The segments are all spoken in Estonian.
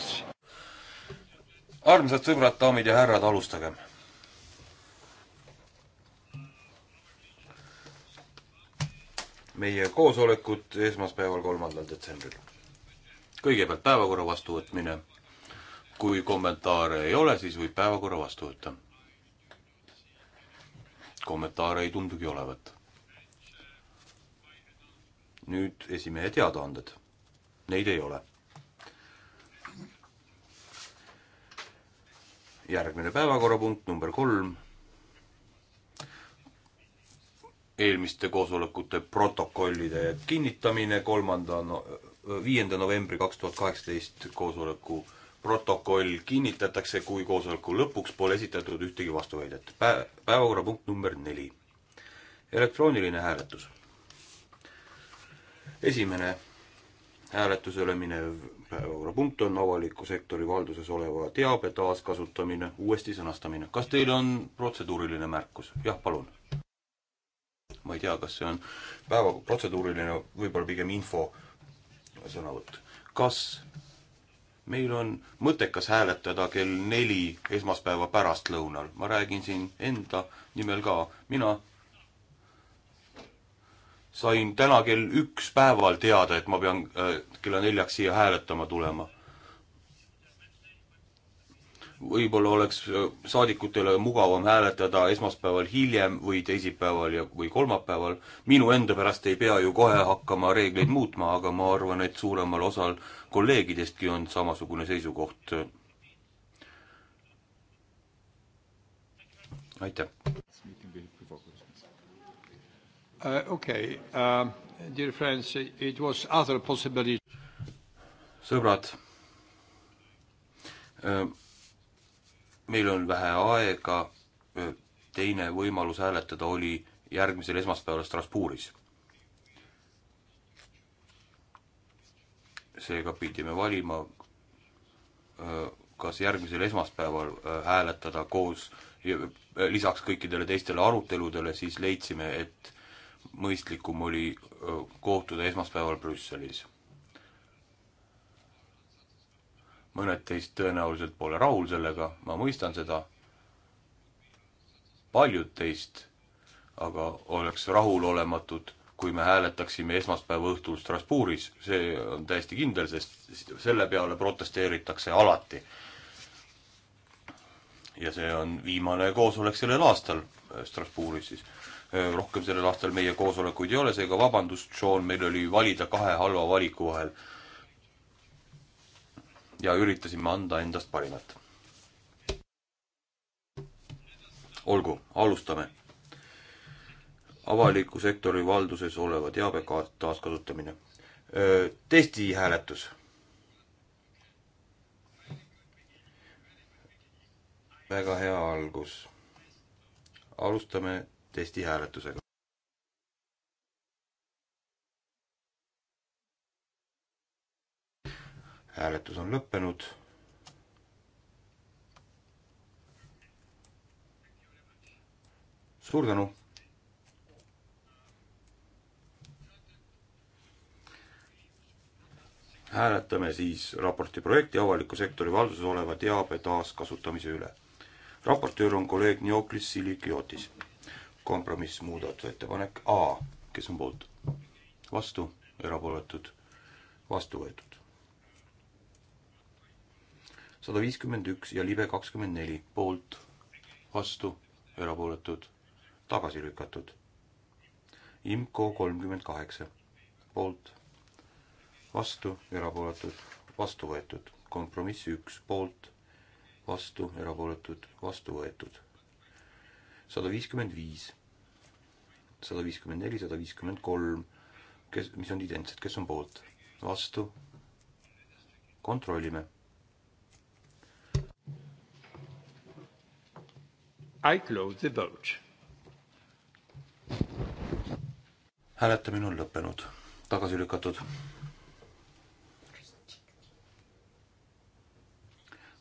Prince. armsad sõbrad, daamid ja härrad, alustagem. meie koosolekut esmaspäeval, kolmandal detsembril. kõigepealt päevakorra vastuvõtmine. kui kommentaare ei ole, siis võib päevakorra vastu võtta. kommentaare ei tundugi olevat. nüüd esimehe teadaanded. Neid ei ole järgmine päevakorrapunkt, number kolm. eelmiste koosolekute protokollide kinnitamine, kolmanda, viienda novembri kaks tuhat kaheksateist koosoleku protokoll kinnitatakse, kui koosoleku lõpuks pole esitatud ühtegi vastuväidet. Pä-, päevakorrapunkt number neli. elektrooniline hääletus. esimene hääletusele minev päevakorrapunkt on avaliku sektori valduses oleva teabe taaskasutamine, uuesti sõnastamine. kas teil on protseduuriline märkus? jah, palun. ma ei tea, kas see on päeva protseduuriline, võib-olla pigem info sõnavõtt. kas meil on mõttekas hääletada kell neli esmaspäeva pärastlõunal, ma räägin siin enda nimel ka, mina sain täna kell üks päeval teada, et ma pean äh, kella neljaks siia hääletama tulema. võib-olla oleks äh, saadikutele mugavam hääletada esmaspäeval hiljem või teisipäeval ja, või kolmapäeval. minu enda pärast ei pea ju kohe hakkama reegleid muutma, aga ma arvan, et suuremal osal kolleegidestki on samasugune seisukoht. aitäh! uh,. Okay uh,, dear friends, it was other possibility. sõbrad uh,, meil on vähe aega, uh, teine võimalus hääletada oli järgmisel esmaspäeval Strasbourgis seega pidime valima, uh, kas järgmisel esmaspäeval uh, hääletada koos, lisaks kõikidele teistele aruteludele, siis leidsime, et mõistlikum oli kohtuda esmaspäeval Brüsselis. mõned teist tõenäoliselt pole rahul sellega, ma mõistan seda, paljud teist aga oleks rahulolematud, kui me hääletaksime esmaspäeva õhtul Strasbourgis, see on täiesti kindel, sest selle peale protesteeritakse alati. ja see on viimane koosolek sellel aastal äh, Strasbourgis siis Äh, rohkem sellel aastal meie koosolekuid ei ole, seega vabandust, Sean, meil oli valida kahe halva valiku vahel. ja üritasime anda endast parimat. olgu, alustame. avaliku sektori valduses oleva teabekaart taaskasutamine. Äh, testihääletus. väga hea algus. alustame testhääletusega. hääletus on lõppenud. suur tänu. hääletame siis raporti projekti avaliku sektori valduses oleva teabe taaskasutamise üle. raportöör on kolleeg Nioklis Silikiotis kompromiss muudatusettepanek A, kes on poolt, vastu, erapooletud, vastu võetud. sada viiskümmend üks ja libe kakskümmend neli poolt, vastu, erapooletud, tagasi lükatud. IMCO kolmkümmend kaheksa poolt, vastu, erapooletud, vastu võetud. kompromiss üks poolt, vastu, erapooletud, vastu võetud. sada viiskümmend viis sada viiskümmend neli, sada viiskümmend kolm, kes, mis on identsed, kes on poolt, vastu, kontrollime. I close the vote. hääletamine on lõppenud, tagasi lükatud.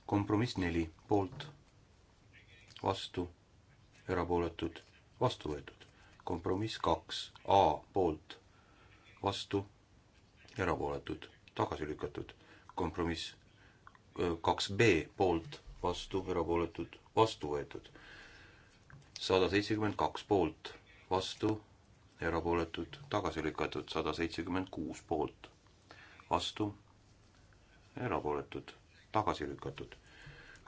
kompromiss neli, poolt, vastu, erapooletud, vastu võetud kompromiss kaks A poolt, vastu, erapooletud, tagasi lükatud. kompromiss äh, kaks B poolt, vastu, erapooletud, vastu võetud. sada seitsekümmend kaks poolt, vastu, erapooletud, tagasi lükatud, sada seitsekümmend kuus poolt, vastu, erapooletud, tagasi lükatud.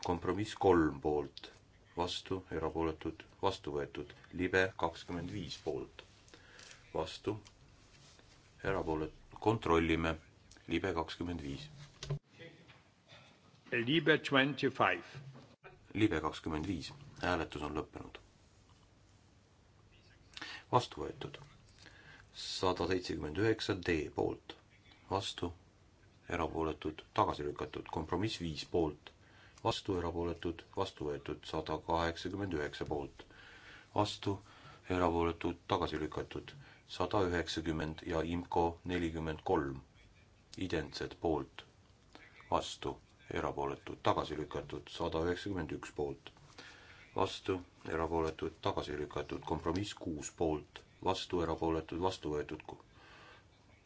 kompromiss kolm poolt vastu, erapooletud, vastu võetud. libe kakskümmend viis poolt, vastu, erapooletud, kontrollime, libe kakskümmend viis. libe twenty five. libe kakskümmend viis, hääletus on lõppenud. vastu võetud. sada seitsekümmend üheksa D poolt, vastu, erapooletud, tagasi lükatud, kompromiss viis poolt vastu, erapooletud, vastu võetud sada kaheksakümmend üheksa poolt, vastu, erapooletud, tagasi lükatud sada üheksakümmend ja IMCO nelikümmend kolm, identsed poolt, vastu, erapooletud, tagasi lükatud sada üheksakümmend üks poolt, vastu, erapooletud, tagasi lükatud, kompromiss kuus poolt, vastu, erapooletud, vastu võetud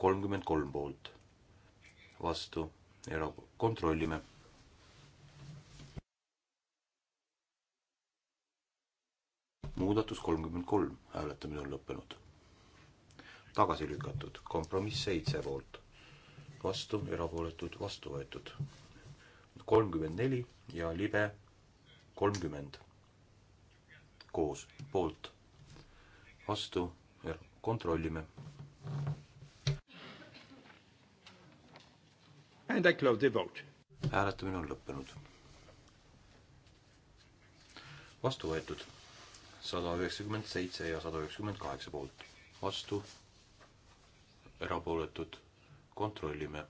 kolmkümmend kolm poolt, vastu, era-, kontrollime muudatus kolmkümmend kolm, hääletamine on lõppenud. tagasi lükatud, kompromiss seitse poolt, vastu, erapooletud, vastu võetud. kolmkümmend neli ja libe kolmkümmend koos, poolt, vastu, er-, kontrollime. And I close the vote. hääletamine on lõppenud. vastu võetud sada üheksakümmend seitse ja sada üheksakümmend kaheksa poolt, vastu, erapooletud, kontrollime.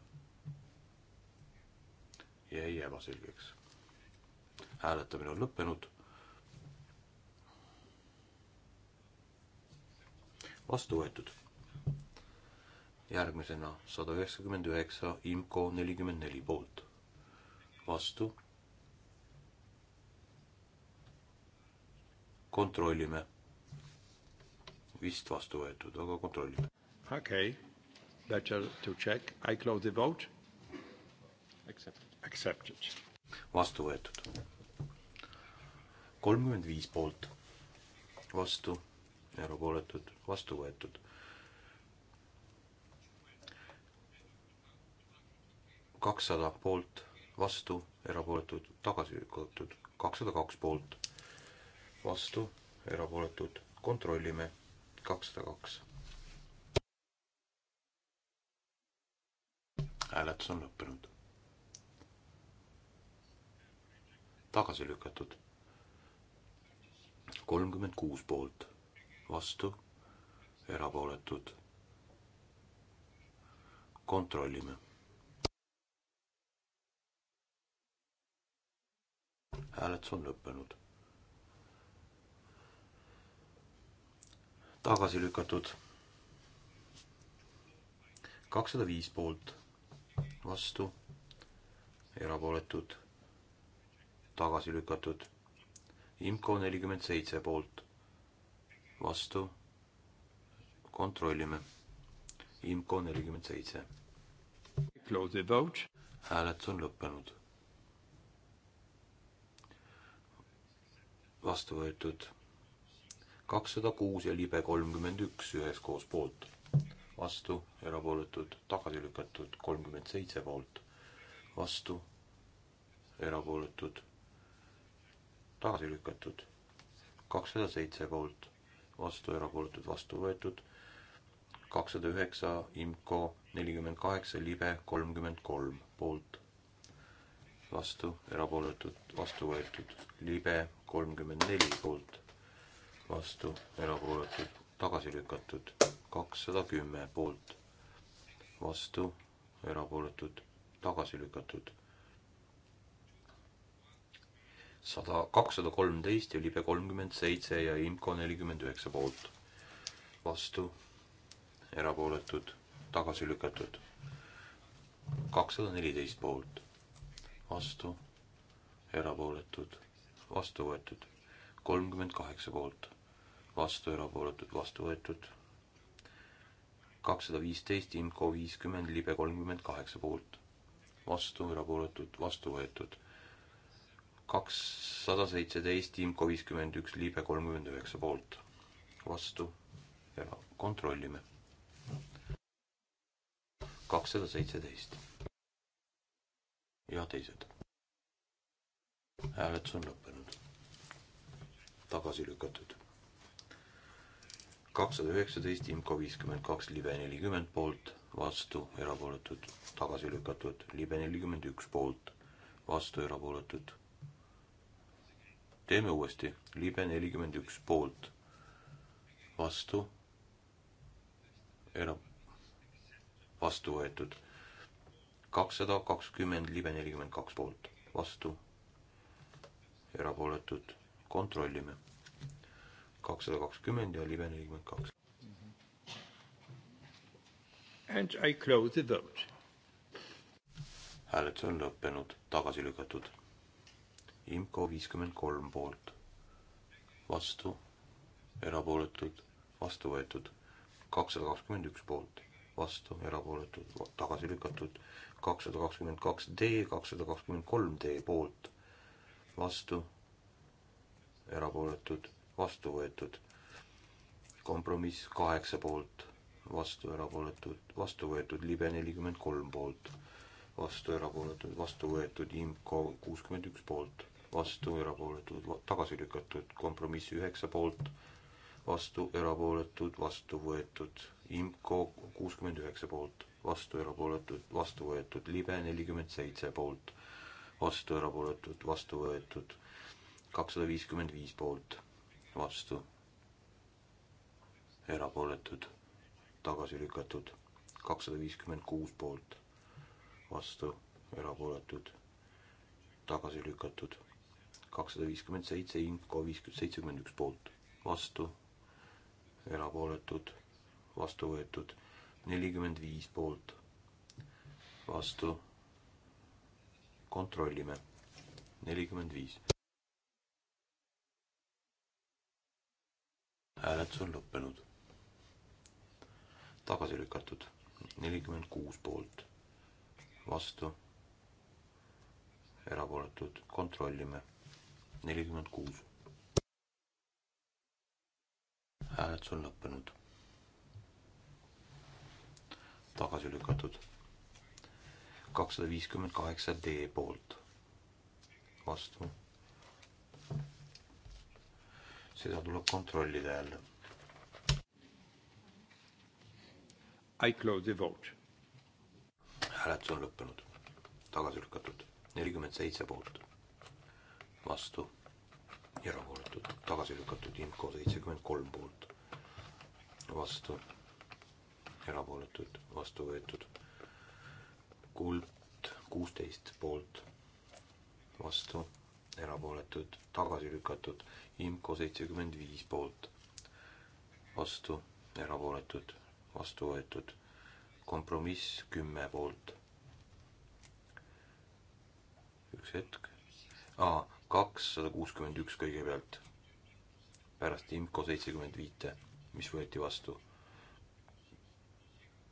jäi ebaselgeks. hääletamine on lõppenud. vastu võetud. järgmisena sada üheksakümmend üheksa, IMCO nelikümmend neli poolt, vastu kontrollime. vist vastu võetud, aga kontrollime. okei okay., better to check, I close the vote. Accepted. vastu võetud. kolmkümmend viis poolt, vastu, erapooletud, vastu võetud. kakssada poolt, vastu, erapooletud, tagasi lükatud, kakssada kaks poolt vastu, erapooletud, kontrollime, kakssada kaks. hääletus on lõppenud. tagasi lükatud. kolmkümmend kuus poolt, vastu, erapooletud. kontrollime. hääletus on lõppenud tagasi lükatud. kakssada viis poolt, vastu, erapooletud, tagasi lükatud. IMCO nelikümmend seitse poolt, vastu, kontrollime. IMCO nelikümmend seitse. hääletus on lõppenud. vastu võetud kakssada kuus ja libe kolmkümmend üks üheskoos poolt, vastu, erapooletud, tagasi lükatud kolmkümmend seitse poolt, vastu, erapooletud, tagasi lükatud kakssada seitse poolt, vastu, erapooletud, vastu võetud kakssada üheksa, IMCO nelikümmend kaheksa, libe kolmkümmend kolm poolt, vastu, erapooletud, vastu võetud, libe kolmkümmend neli poolt vastu, erapooletud, tagasi lükatud. kakssada kümme poolt, vastu, erapooletud, tagasi lükatud. sada, kakssada kolmteist ja libe kolmkümmend seitse ja IMCO nelikümmend üheksa poolt, vastu, erapooletud, tagasi lükatud. kakssada neliteist poolt, vastu, erapooletud, vastu võetud kolmkümmend kaheksa poolt vastu, erapooletud, vastu võetud. kakssada viisteist, IMCO viiskümmend, libe kolmkümmend kaheksa poolt, vastu, erapooletud, vastu võetud. kakssada seitseteist, IMCO viiskümmend üks, libe kolmkümmend üheksa poolt, vastu, era-, kontrollime. kakssada seitseteist. ja teised. hääletus on lõppenud. tagasi lükatud kakssada üheksateist, IMCO viiskümmend kaks, libe nelikümmend poolt, vastu, erapooletud, tagasi lükatud, libe nelikümmend üks poolt, vastu, erapooletud. teeme uuesti, libe nelikümmend üks poolt, vastu, era-, vastu võetud, kakssada kakskümmend, libe nelikümmend kaks poolt, vastu, erapooletud, kontrollime kakssada kakskümmend ja libe nelikümmend kaks. And I close the vote. hääletus on lõppenud, tagasi lükatud. IMCO viiskümmend kolm poolt, vastu, erapooletud, vastu võetud, kakssada kakskümmend üks poolt, vastu, erapooletud, tagasi lükatud, kakssada kakskümmend kaks D, kakssada kakskümmend kolm D poolt, vastu, erapooletud, vastu võetud. kompromiss kaheksa poolt, vastu erapooletud, vastu võetud libe nelikümmend kolm poolt, vastu erapooletud, vastu võetud IMCO kuuskümmend üks poolt, vastu erapooletud, tagasi lükatud, kompromiss üheksa poolt, vastu erapooletud, vastu võetud IMCO kuuskümmend üheksa poolt, vastu erapooletud, vastu võetud libe nelikümmend seitse poolt, vastu erapooletud, vastu võetud kakssada viiskümmend viis poolt vastu, erapooletud, tagasi lükatud, kakssada viiskümmend kuus poolt, vastu, erapooletud, tagasi lükatud, kakssada viiskümmend seitse, Inko viiskümmend, seitsekümmend üks poolt, vastu, erapooletud, vastu võetud, nelikümmend viis poolt, vastu, kontrollime, nelikümmend viis. hääletus on lõppenud. tagasi lükatud nelikümmend kuus poolt, vastu, erapooletud, kontrollime, nelikümmend kuus. hääletus on lõppenud. tagasi lükatud kakssada viiskümmend kaheksa D poolt, vastu seda tuleb kontrollida jälle. I close the vote. hääletus on lõppenud, tagasi lükatud, nelikümmend seitse poolt, vastu, erapooletud, tagasi lükatud, IMCO seitsekümmend kolm poolt, vastu, erapooletud, vastu võetud, kuld kuusteist poolt, vastu, erapooletud, tagasi lükatud IMCO seitsekümmend viis poolt, vastu, erapooletud, vastu võetud, kompromiss kümme poolt. üks hetk, kakssada kuuskümmend üks kõigepealt, pärast IMCO seitsekümmend viite, mis võeti vastu.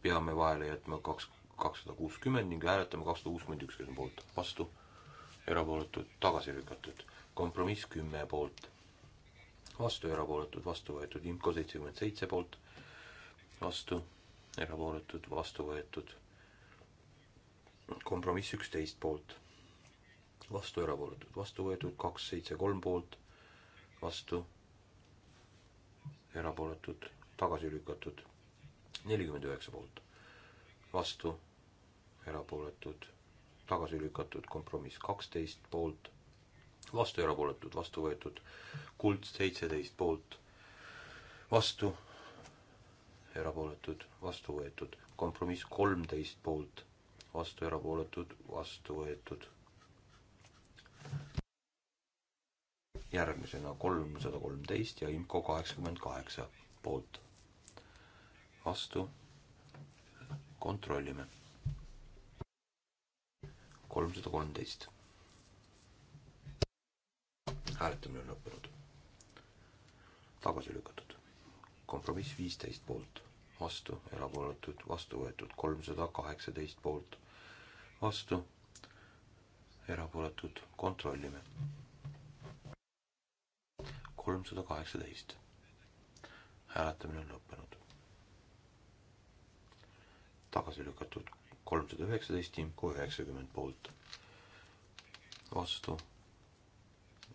peame vahele jätma kaks, kakssada kuuskümmend ning hääletame kakssada kuuskümmend üks, kes on poolt, vastu, erapooletud, tagasi lükatud, kompromiss kümme poolt vastu, erapooletud, vastu võetud, IMCO seitsekümmend seitse poolt, vastu, erapooletud, vastu võetud, kompromiss üksteist poolt, vastu, erapooletud, vastu võetud, kaks, seitse, kolm poolt, vastu, erapooletud, tagasi lükatud, nelikümmend üheksa poolt, vastu, erapooletud, tagasi lükatud, kompromiss kaksteist poolt vastu erapooletud, vastu võetud. kuld seitseteist poolt, vastu erapooletud, vastu võetud. kompromiss kolmteist poolt, vastu erapooletud, vastu võetud. järgmisena kolmsada kolmteist ja IMCO kaheksakümmend kaheksa poolt. vastu kontrollime. kolmsada kolmteist hääletamine on lõppenud. tagasi lükatud. kompromiss viisteist poolt, vastu, erapooletud, vastu võetud kolmsada kaheksateist poolt, vastu, erapooletud, kontrollime. kolmsada kaheksateist. hääletamine on lõppenud. tagasi lükatud kolmsada üheksateist, Timko üheksakümmend poolt, vastu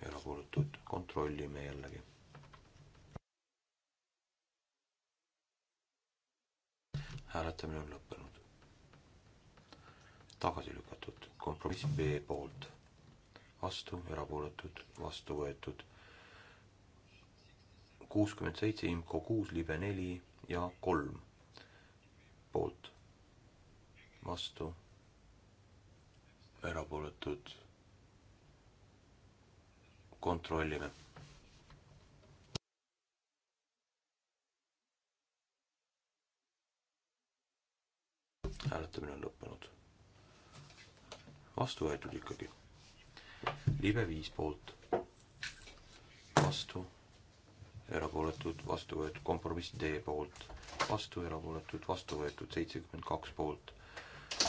erapooletud, kontrollime jällegi. hääletamine on lõppenud. tagasi lükatud, kompromiss B poolt, vastu, erapooletud, vastu võetud kuuskümmend seitse, IMCO kuus, libe neli ja kolm poolt, vastu, erapooletud kontrollime. hääletamine on lõppenud. vastu võetud ikkagi. libe viis poolt, vastu, erapooletud, vastu võetud, kompromiss D poolt, vastu, erapooletud, vastu võetud, seitsekümmend kaks poolt,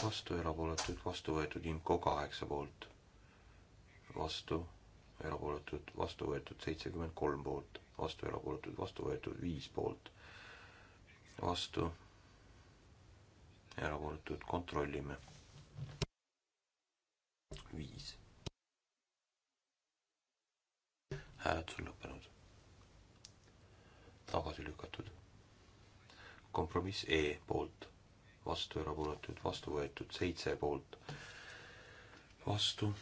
vastu, erapooletud, vastu võetud, IMCO kaheksa poolt, vastu erapooletud, vastu võetud seitsekümmend kolm poolt, vastu erapooletud, vastu võetud viis poolt, vastu erapooletud, kontrollime. viis. hääletus on lõppenud. tagasi lükatud. kompromiss E poolt, vastu erapooletud, vastu võetud seitse poolt, vastu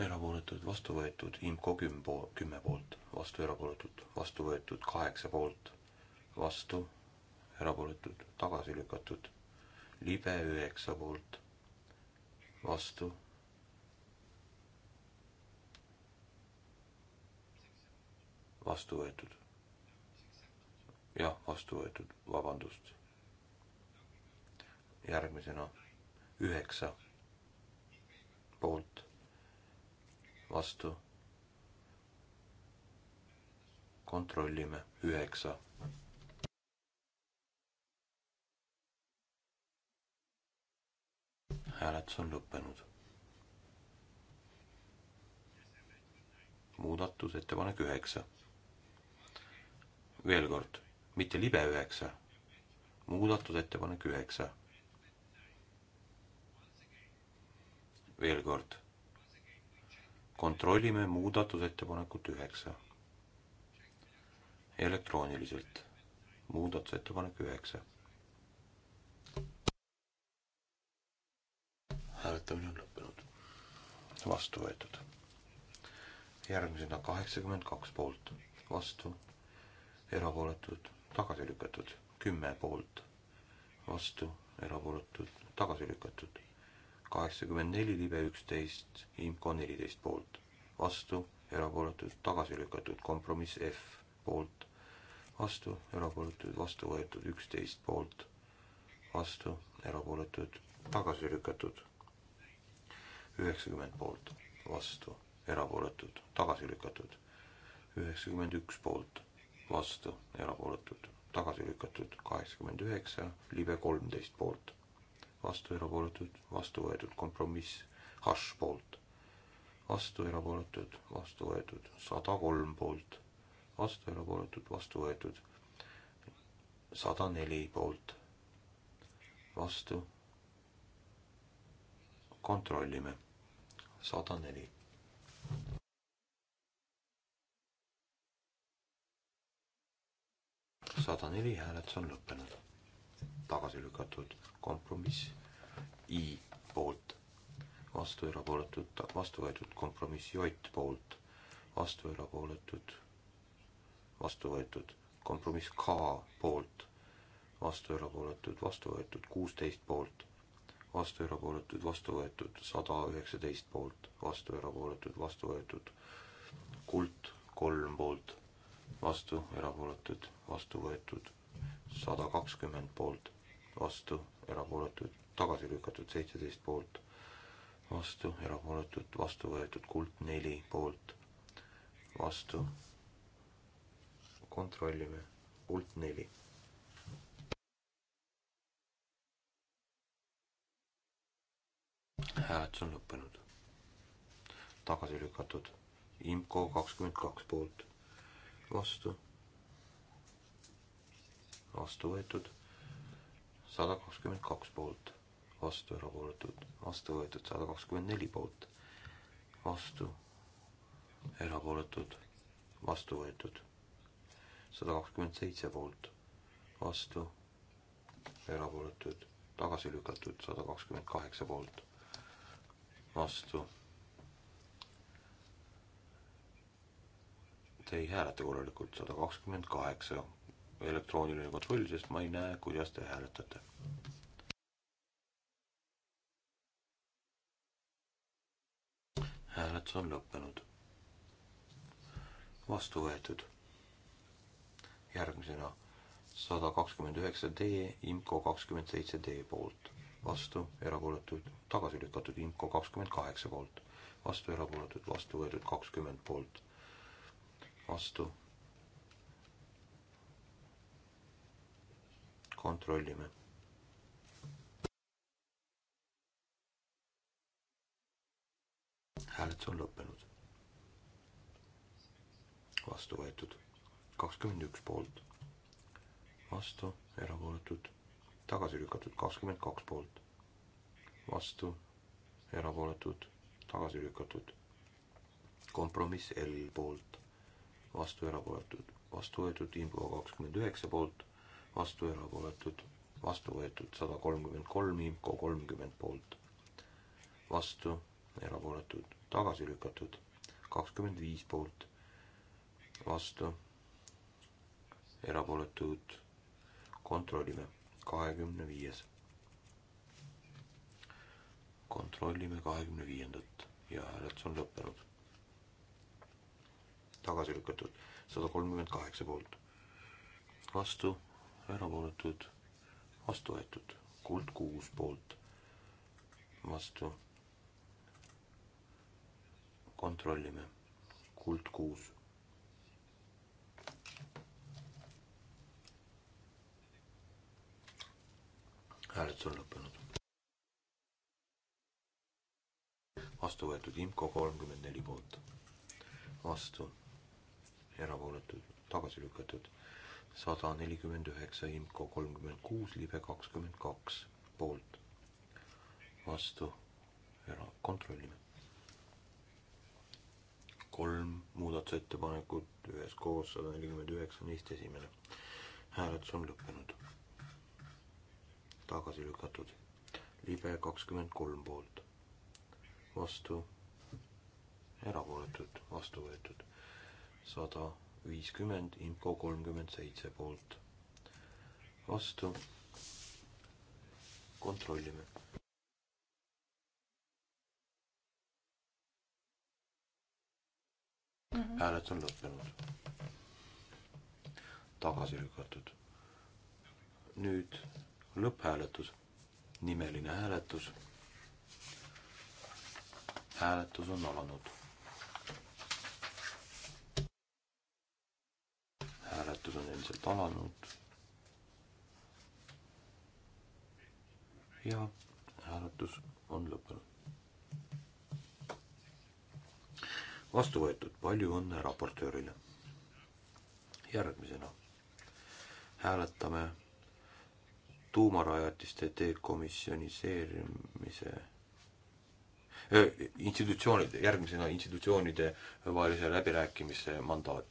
erapooletud, vastu võetud, IMCO küm po-, kümme poolt, vastu erapooletud, vastu võetud, kaheksa poolt, vastu erapooletud, tagasi lükatud, libe üheksa poolt, vastu vastu võetud. jah, vastu võetud, vabandust. järgmisena üheksa poolt vastu. kontrollime, üheksa. hääletus on lõppenud. muudatusettepanek üheksa. veel kord, mitte libe üheksa, muudatusettepanek üheksa. veel kord kontrollime muudatusettepanekut üheksa. elektrooniliselt. muudatusettepanek üheksa. hääletamine on lõppenud. vastu võetud. järgmisena kaheksakümmend kaks poolt, vastu, erapooletud, tagasi lükatud, kümme poolt, vastu, erapooletud, tagasi lükatud kaheksakümmend neli, libe üksteist, IMCO neliteist poolt, vastu, erapooletud, tagasi lükatud, kompromiss F poolt, vastu, erapooletud, vastu võetud, üksteist poolt, vastu, erapooletud, tagasi lükatud, üheksakümmend poolt, vastu, erapooletud, tagasi lükatud, üheksakümmend üks poolt, vastu, erapooletud, tagasi lükatud, kaheksakümmend üheksa, libe kolmteist poolt vastu erapooletud, vastu võetud kompromiss hash poolt, vastu erapooletud, vastu võetud sada kolm poolt, vastu erapooletud, vastu võetud sada neli poolt, vastu kontrollime sada neli. sada neli hääletus on lõppenud tagasi lükatud. kompromiss I poolt, vastu erapooletud, vastu võetud kompromiss J poolt, vastu erapooletud, vastu võetud kompromiss K poolt, vastu erapooletud, vastu võetud kuusteist poolt, vastu erapooletud, vastu võetud sada üheksateist poolt, vastu erapooletud, vastu võetud kuld kolm poolt, vastu erapooletud, vastu võetud sada kakskümmend poolt vastu, erapooletud, tagasi lükatud seitseteist poolt, vastu, erapooletud, vastu võetud kuld neli poolt, vastu, kontrollime, kuld neli. hääletus on lõppenud. tagasi lükatud, IMCO kakskümmend kaks poolt, vastu, vastu võetud sada kakskümmend kaks poolt, vastu erapooletud, vastu võetud sada kakskümmend neli poolt, vastu erapooletud, vastu võetud sada kakskümmend seitse poolt, vastu erapooletud, tagasi lükatud sada kakskümmend kaheksa poolt, vastu. Te ei hääleta korralikult, sada kakskümmend kaheksa elektrooniline kontroll, sest ma ei näe, kuidas te hääletate. hääletus on lõppenud. vastu võetud. järgmisena sada kakskümmend üheksa D, IMCO kakskümmend seitse D poolt, vastu erapooletud, tagasi lükatud IMCO kakskümmend kaheksa poolt, vastu erapooletud, vastu võetud kakskümmend poolt, vastu kontrollime. hääletus on lõppenud. vastu võetud kakskümmend üks poolt, vastu erapooletud, tagasi lükatud kakskümmend kaks poolt, vastu erapooletud, tagasi lükatud, kompromiss L poolt, vastu erapooletud, vastu võetud info kakskümmend üheksa poolt vastu erapooletud, vastu võetud sada kolmkümmend kolm, IMCO kolmkümmend poolt, vastu erapooletud, tagasi lükatud kakskümmend viis poolt, vastu erapooletud, kontrollime, kahekümne viies. kontrollime kahekümne viiendat ja hääletus on lõppenud. tagasi lükatud sada kolmkümmend kaheksa poolt, vastu erapooletud, vastu võetud. kuld kuus poolt, vastu. kontrollime. kuld kuus. hääletus on lõppenud. vastu võetud IMCO kolmkümmend neli poolt, vastu erapooletud, tagasi lükatud sada nelikümmend üheksa, IMCO kolmkümmend kuus, libe kakskümmend kaks poolt, vastu, ära kontrollime. kolm muudatusettepanekut üheskoos, sada nelikümmend üheksa, neist esimene. hääletus on lõppenud. tagasi lükatud, libe kakskümmend kolm poolt, vastu, erapooletud, vastu võetud, sada viiskümmend, Imko kolmkümmend seitse poolt. vastu. kontrollime. Mhm. hääled on lõppenud. tagasi lükatud. nüüd lõpphääletus, nimeline hääletus. hääletus on alanud hääletus on endiselt alanud. ja hääletus on lõppenud. vastu võetud, palju õnne raportöörile. järgmisena hääletame tuumarajatiste dekomisjoniseerimise institutsioonide, järgmisena institutsioonide vahelise läbirääkimise mandaat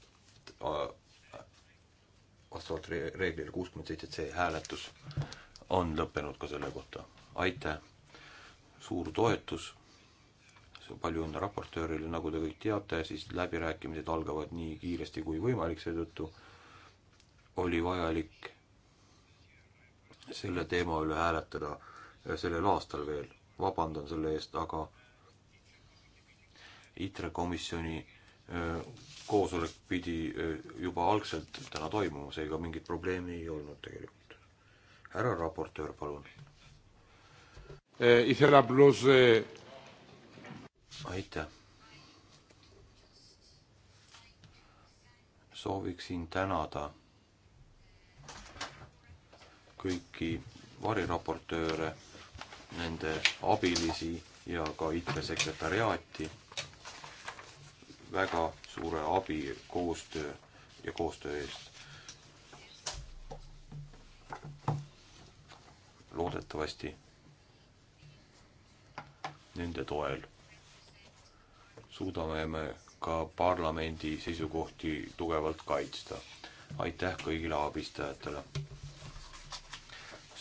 vastavalt re-, reeglile kuuskümmend seitse C hääletus on lõppenud ka selle kohta. aitäh, suur toetus, palju õnne raportöörile, nagu te kõik teate, siis läbirääkimised algavad nii kiiresti kui võimalik, seetõttu oli vajalik selle teema üle hääletada äh, sellel aastal veel. vabandan selle eest, aga ITRE komisjoni Äh, koosolek pidi äh, juba algselt täna toimuma, seega mingit probleemi ei olnud tegelikult. härra raportöör, palun. Äh, eh, aitäh. sooviksin tänada kõiki variraportööre, nende abilisi ja ka IT-sekretäriaati väga suure abi, koostöö ja koostöö eest. loodetavasti nende toel suudame me ka parlamendi seisukohti tugevalt kaitsta. aitäh kõigile abistajatele.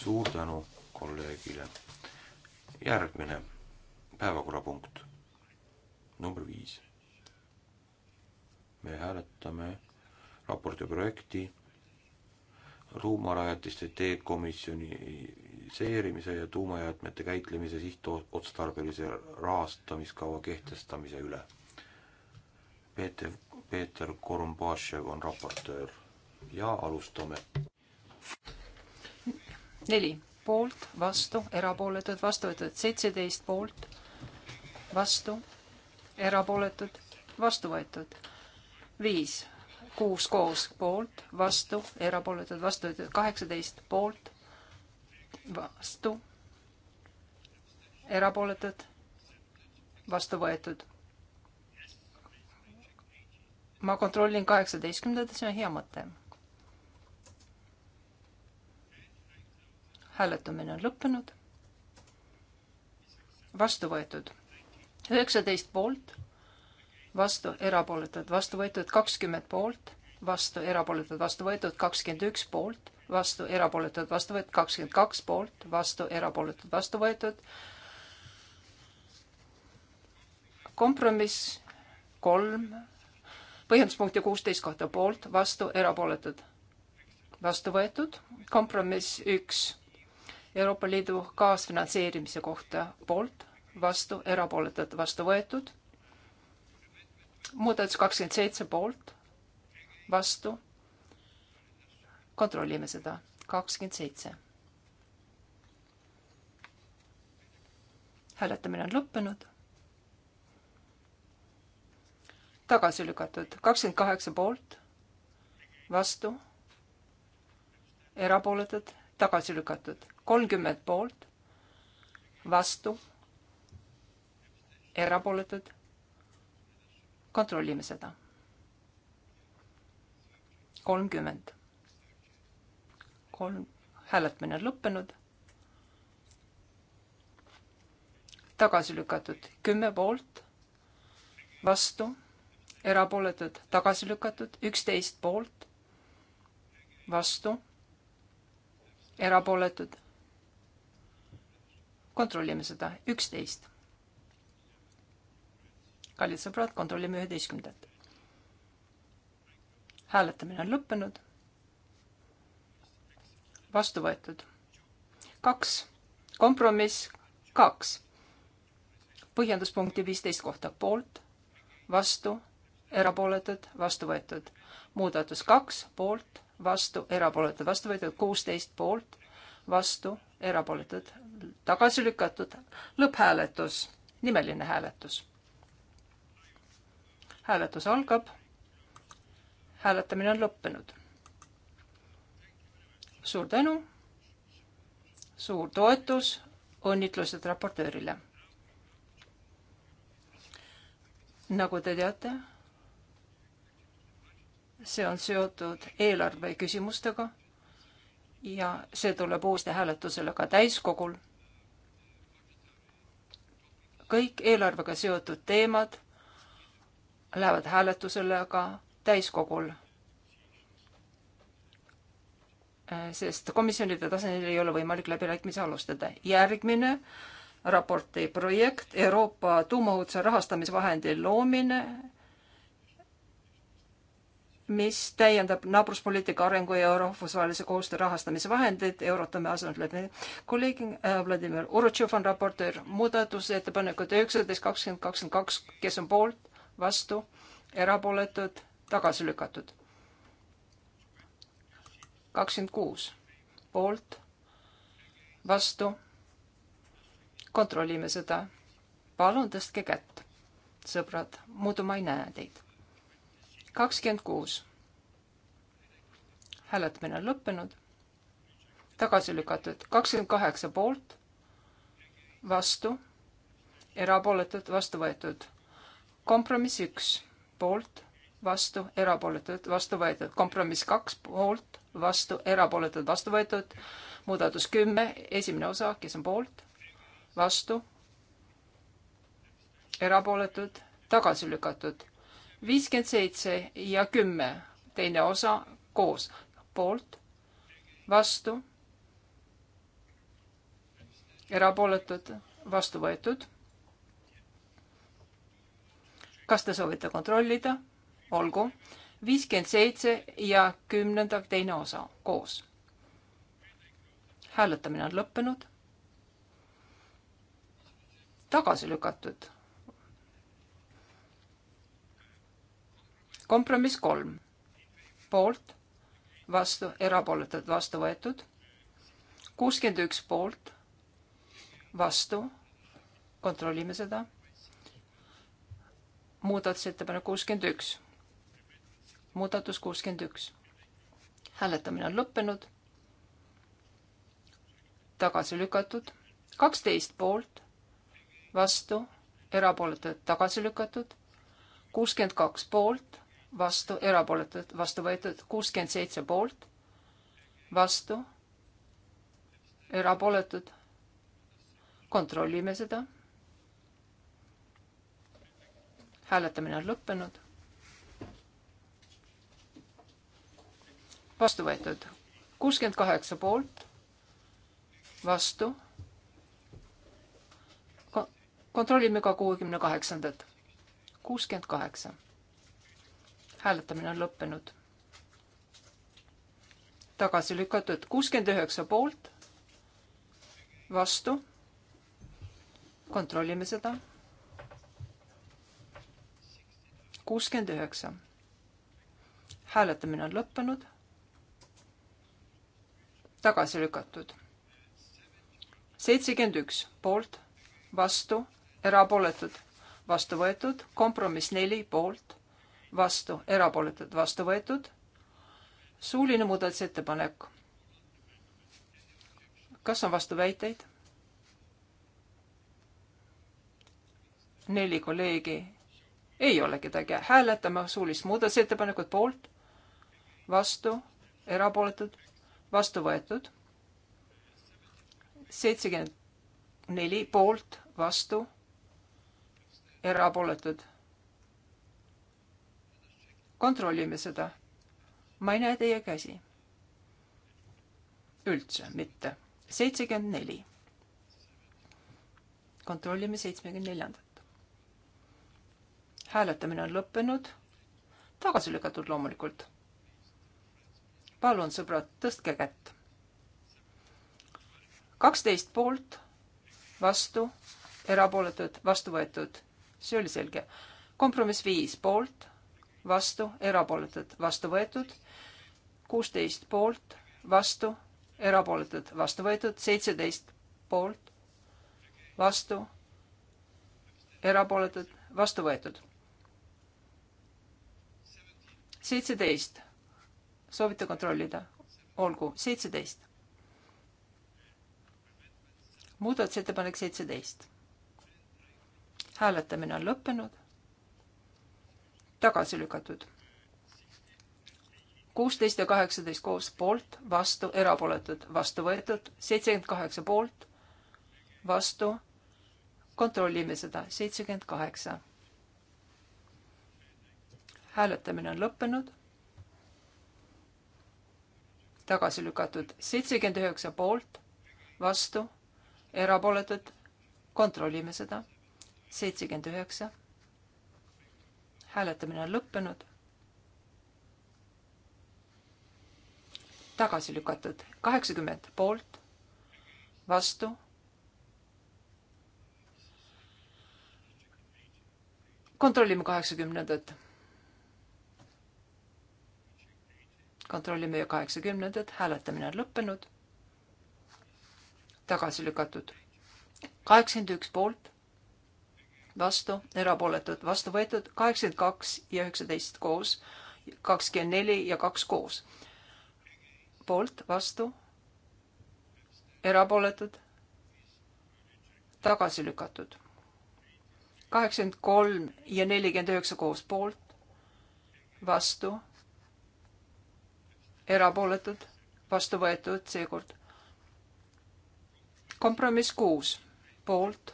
suur tänu kolleegile. järgmine päevakorrapunkt number viis me hääletame raporti projekti ruumarajatiste dekomisjoniseerimise ja tuumajäätmete käitlemise sihtotstarbelise rahastamiskava kehtestamise üle. Peeter, Peeter Korumbašev on raportöör ja alustame. neli poolt, vastu, erapooletud, vastu võetud seitseteist poolt, vastu, erapooletud, vastu võetud viis, kuus koos poolt, vastu, erapooletud, vastu võetud kaheksateist poolt, vastu, erapooletud, vastu võetud. ma kontrollin kaheksateistkümnendat, see on hea mõte. hääletamine on lõppenud. vastu võetud üheksateist poolt vastu, erapooletud, vastu võetud kakskümmend poolt, vastu, erapooletud, vastu võetud kakskümmend üks poolt, vastu, erapooletud, vastu võetud kakskümmend kaks poolt, vastu, erapooletud, vastu võetud. kompromiss kolm, põhjenduspunkti kuusteist kohta poolt, vastu, erapooletud, vastu võetud, kompromiss üks Euroopa Liidu kaasfinantseerimise kohta poolt, vastu, erapooletud, vastu võetud muudatus kakskümmend seitse poolt, vastu. kontrollime seda, kakskümmend seitse. hääletamine on lõppenud. tagasi lükatud, kakskümmend kaheksa poolt, vastu, erapooletud, tagasi lükatud, kolmkümmend poolt, vastu, erapooletud kontrollime seda. kolmkümmend. kolm, hääletamine on lõppenud. tagasi lükatud kümme poolt, vastu, erapooletud, tagasi lükatud üksteist poolt, vastu, erapooletud. kontrollime seda, üksteist kallid sõbrad, kontrollime üheteistkümnendat. hääletamine on lõppenud. vastu võetud. kaks, kompromiss kaks. põhjenduspunkti viisteist kohta poolt, vastu, erapooletud, vastu võetud. muudatus kaks, poolt, vastu, erapooletud, vastu võetud, kuusteist poolt, vastu, erapooletud, tagasi lükatud, lõpphääletus, nimeline hääletus hääletus algab. hääletamine on lõppenud. suur tänu. suur toetus, õnnitlused raportöörile. nagu te teate, see on seotud eelarve küsimustega ja see tuleb uuesti hääletusele ka täiskogul. kõik eelarvega seotud teemad lähevad hääletusele ka täiskogul. sest komisjonide tasandil ei ole võimalik läbirääkimisi alustada. järgmine raporti projekt Euroopa tuumaohutuse rahastamisvahendi loomine, mis täiendab naabruspoliitika arengu ja rahvusvahelise koostöö rahastamisvahendid Eurotami asunud läbi. kolleeg äh, Vladimir Urutšev on raportöör, muudatusettepanekud üheksateist, kakskümmend, kakskümmend kaks, kes on poolt vastu, erapooletud, tagasi lükatud. kakskümmend kuus poolt, vastu. kontrollime seda. palun tõstke kätt, sõbrad, muidu ma ei näe teid. kakskümmend kuus. hääletamine on lõppenud. tagasi lükatud, kakskümmend kaheksa poolt, vastu, erapooletud, vastu võetud kompromiss üks, poolt, vastu, erapooletud, vastu võetud, kompromiss kaks, poolt, vastu, erapooletud, vastu võetud, muudatus kümme, esimene osa, kes on poolt, vastu, erapooletud, tagasi lükatud, viiskümmend seitse ja kümme, teine osa koos, poolt, vastu, erapooletud, vastu võetud kas te soovite kontrollida? olgu. viiskümmend seitse ja kümnenda teine osa koos. hääletamine on lõppenud. tagasi lükatud. kompromiss kolm, poolt, vastu, erapooletud, vastu võetud. kuuskümmend üks poolt, vastu, kontrollime seda muudatusettepanek kuuskümmend üks. muudatus kuuskümmend üks. hääletamine on lõppenud. tagasi lükatud, kaksteist poolt, vastu, erapooletud, tagasi lükatud, kuuskümmend kaks poolt, vastu, erapooletud, vastu võetud, kuuskümmend seitse poolt, vastu, erapooletud. kontrollime seda hääletamine on lõppenud. vastu võetud kuuskümmend kaheksa poolt, vastu. kontrollime ka kuuekümne kaheksandat, kuuskümmend kaheksa. hääletamine on lõppenud. tagasi lükatud kuuskümmend üheksa poolt, vastu. kontrollime seda kuuskümmend üheksa. hääletamine on lõppenud. tagasi lükatud. seitsekümmend üks poolt, vastu, erapooletud, vastu võetud, kompromiss neli poolt, vastu, erapooletud, vastu võetud. suuline muudatusettepanek. kas on vastuväiteid? neli kolleegi ei ole kedagi. hääletame suulist muudatusettepanekut poolt, vastu, erapooletud, vastu võetud. seitsekümmend neli poolt, vastu, erapooletud. kontrollime seda. ma ei näe teie käsi. üldse mitte. seitsekümmend neli. kontrollime seitsmekümne neljandat hääletamine on lõppenud, tagasi lükatud loomulikult. palun, sõbrad, tõstke kätt. kaksteist poolt, vastu, erapooletud, vastu võetud, see oli selge. kompromiss viis poolt, vastu, erapooletud, vastu võetud, kuusteist poolt, vastu, erapooletud, vastu võetud, seitseteist poolt, vastu, erapooletud, vastu võetud seitseteist. soovite kontrollida? olgu, seitseteist. muudatusettepanek seitseteist. hääletamine on lõppenud. tagasi lükatud. kuusteist ja kaheksateist koos poolt, vastu, erapooletud, vastu võetud, seitsekümmend kaheksa poolt, vastu. kontrollime seda, seitsekümmend kaheksa hääletamine on lõppenud. tagasi lükatud seitsekümmend üheksa poolt, vastu, erapooletud. kontrollime seda. seitsekümmend üheksa. hääletamine on lõppenud. tagasi lükatud kaheksakümmend poolt, vastu kontrollime kaheksakümnendat. kontrollime ju kaheksakümnendat, hääletamine on lõppenud. tagasi lükatud. kaheksakümmend üks poolt, vastu, erapooletud, vastu võetud, kaheksakümmend kaks ja üheksateist koos, kakskümmend neli ja kaks koos. poolt, vastu, erapooletud, tagasi lükatud. kaheksakümmend kolm ja nelikümmend üheksa koos poolt, vastu erapooletud, vastu võetud seekord. kompromiss kuus, poolt.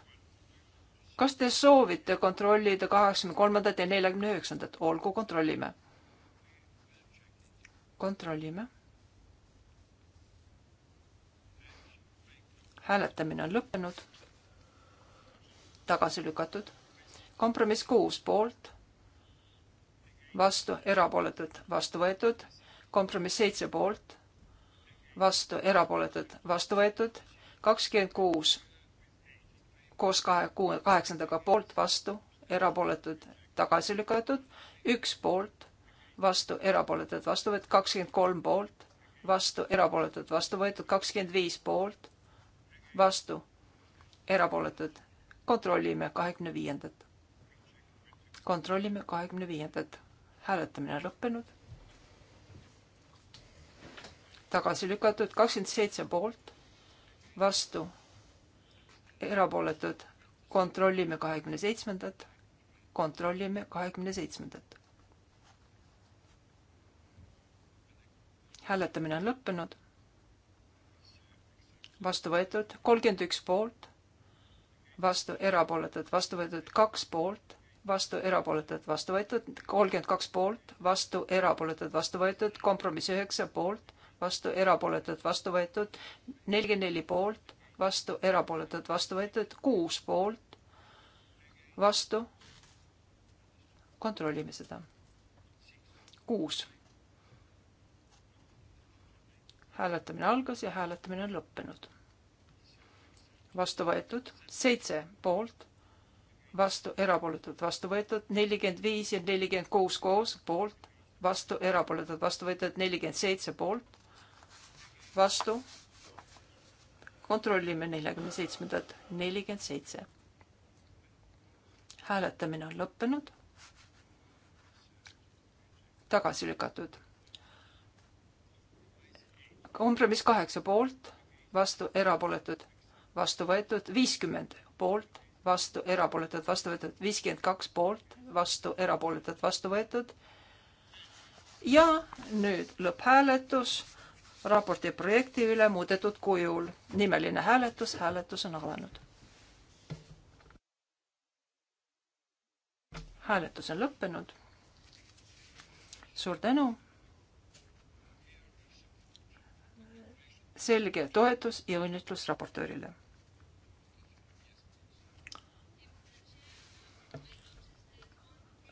kas te soovite kontrollida kaheksakümne kolmandat ja neljakümne üheksandat? olgu, kontrollime. kontrollime. hääletamine on lõppenud. tagasi lükatud. kompromiss kuus, poolt vastu, erapooletud, vastu võetud kompromiss seitse poolt, vastu, erapooletud, vastu võetud, kakskümmend kuus koos kahe, kuue, kaheksandaga poolt, vastu, erapooletud, tagasi lükatud, üks poolt, vastu, erapooletud, vastu võetud, kakskümmend kolm poolt, vastu, erapooletud, vastu võetud, kakskümmend viis poolt, vastu, erapooletud. kontrollime kahekümne viiendat kontrollime kahekümne viiendat. hääletamine on lõppenud tagasi lükatud, kakskümmend seitse poolt, vastu, erapooletud, kontrollime kahekümne seitsmendat, kontrollime kahekümne seitsmendat. hääletamine on lõppenud. vastu võetud kolmkümmend üks poolt, vastu erapooletud, vastu võetud kaks poolt vastu erapooletud, vastu võetud, kolmkümmend kaks poolt, vastu erapooletud, vastu võetud, kompromiss üheksa poolt, vastu, erapooletud, vastu võetud, nelikümmend neli poolt, vastu, erapooletud, vastu võetud, kuus poolt, vastu. kontrollime seda. kuus. hääletamine algas ja hääletamine on lõppenud. vastu võetud, seitse poolt, vastu, erapooletud, vastu võetud, nelikümmend viis ja nelikümmend kuus koos, poolt vastu, erapooletud vastu võetud nelikümmend seitse poolt, vastu. kontrollime neljakümne seitsmendat, nelikümmend seitse. hääletamine on lõppenud. tagasi lükatud. kompromiss kaheksa poolt, vastu erapooletud, vastu võetud viiskümmend poolt, vastu erapooletud, vastu võetud viiskümmend kaks poolt, vastu erapooletud, vastu võetud. ja nüüd lõpphääletus raporti projekti üle muudetud kujul. nimeline hääletus, hääletus on avanud. hääletus on lõppenud. suur tänu. selge toetus ja õnnitlus raportöörile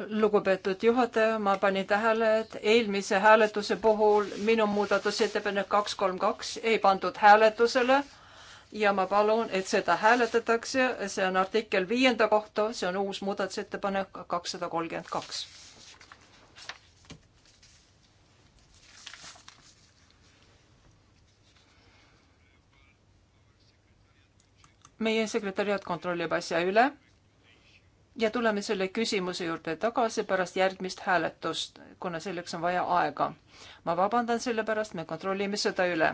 lugupeetud juhataja, ma panin tähele, et eelmise hääletuse puhul minu muudatusettepanek kaks kolm kaks ei pandud hääletusele ja ma palun, et seda hääletatakse, see on artikkel viienda kohta, see on uus muudatusettepanek kakssada kolmkümmend kaks. meie sekretäriat kontrollib asja üle ja tuleme selle küsimuse juurde tagasi pärast järgmist hääletust, kuna selleks on vaja aega. ma vabandan selle pärast, me kontrollime seda üle.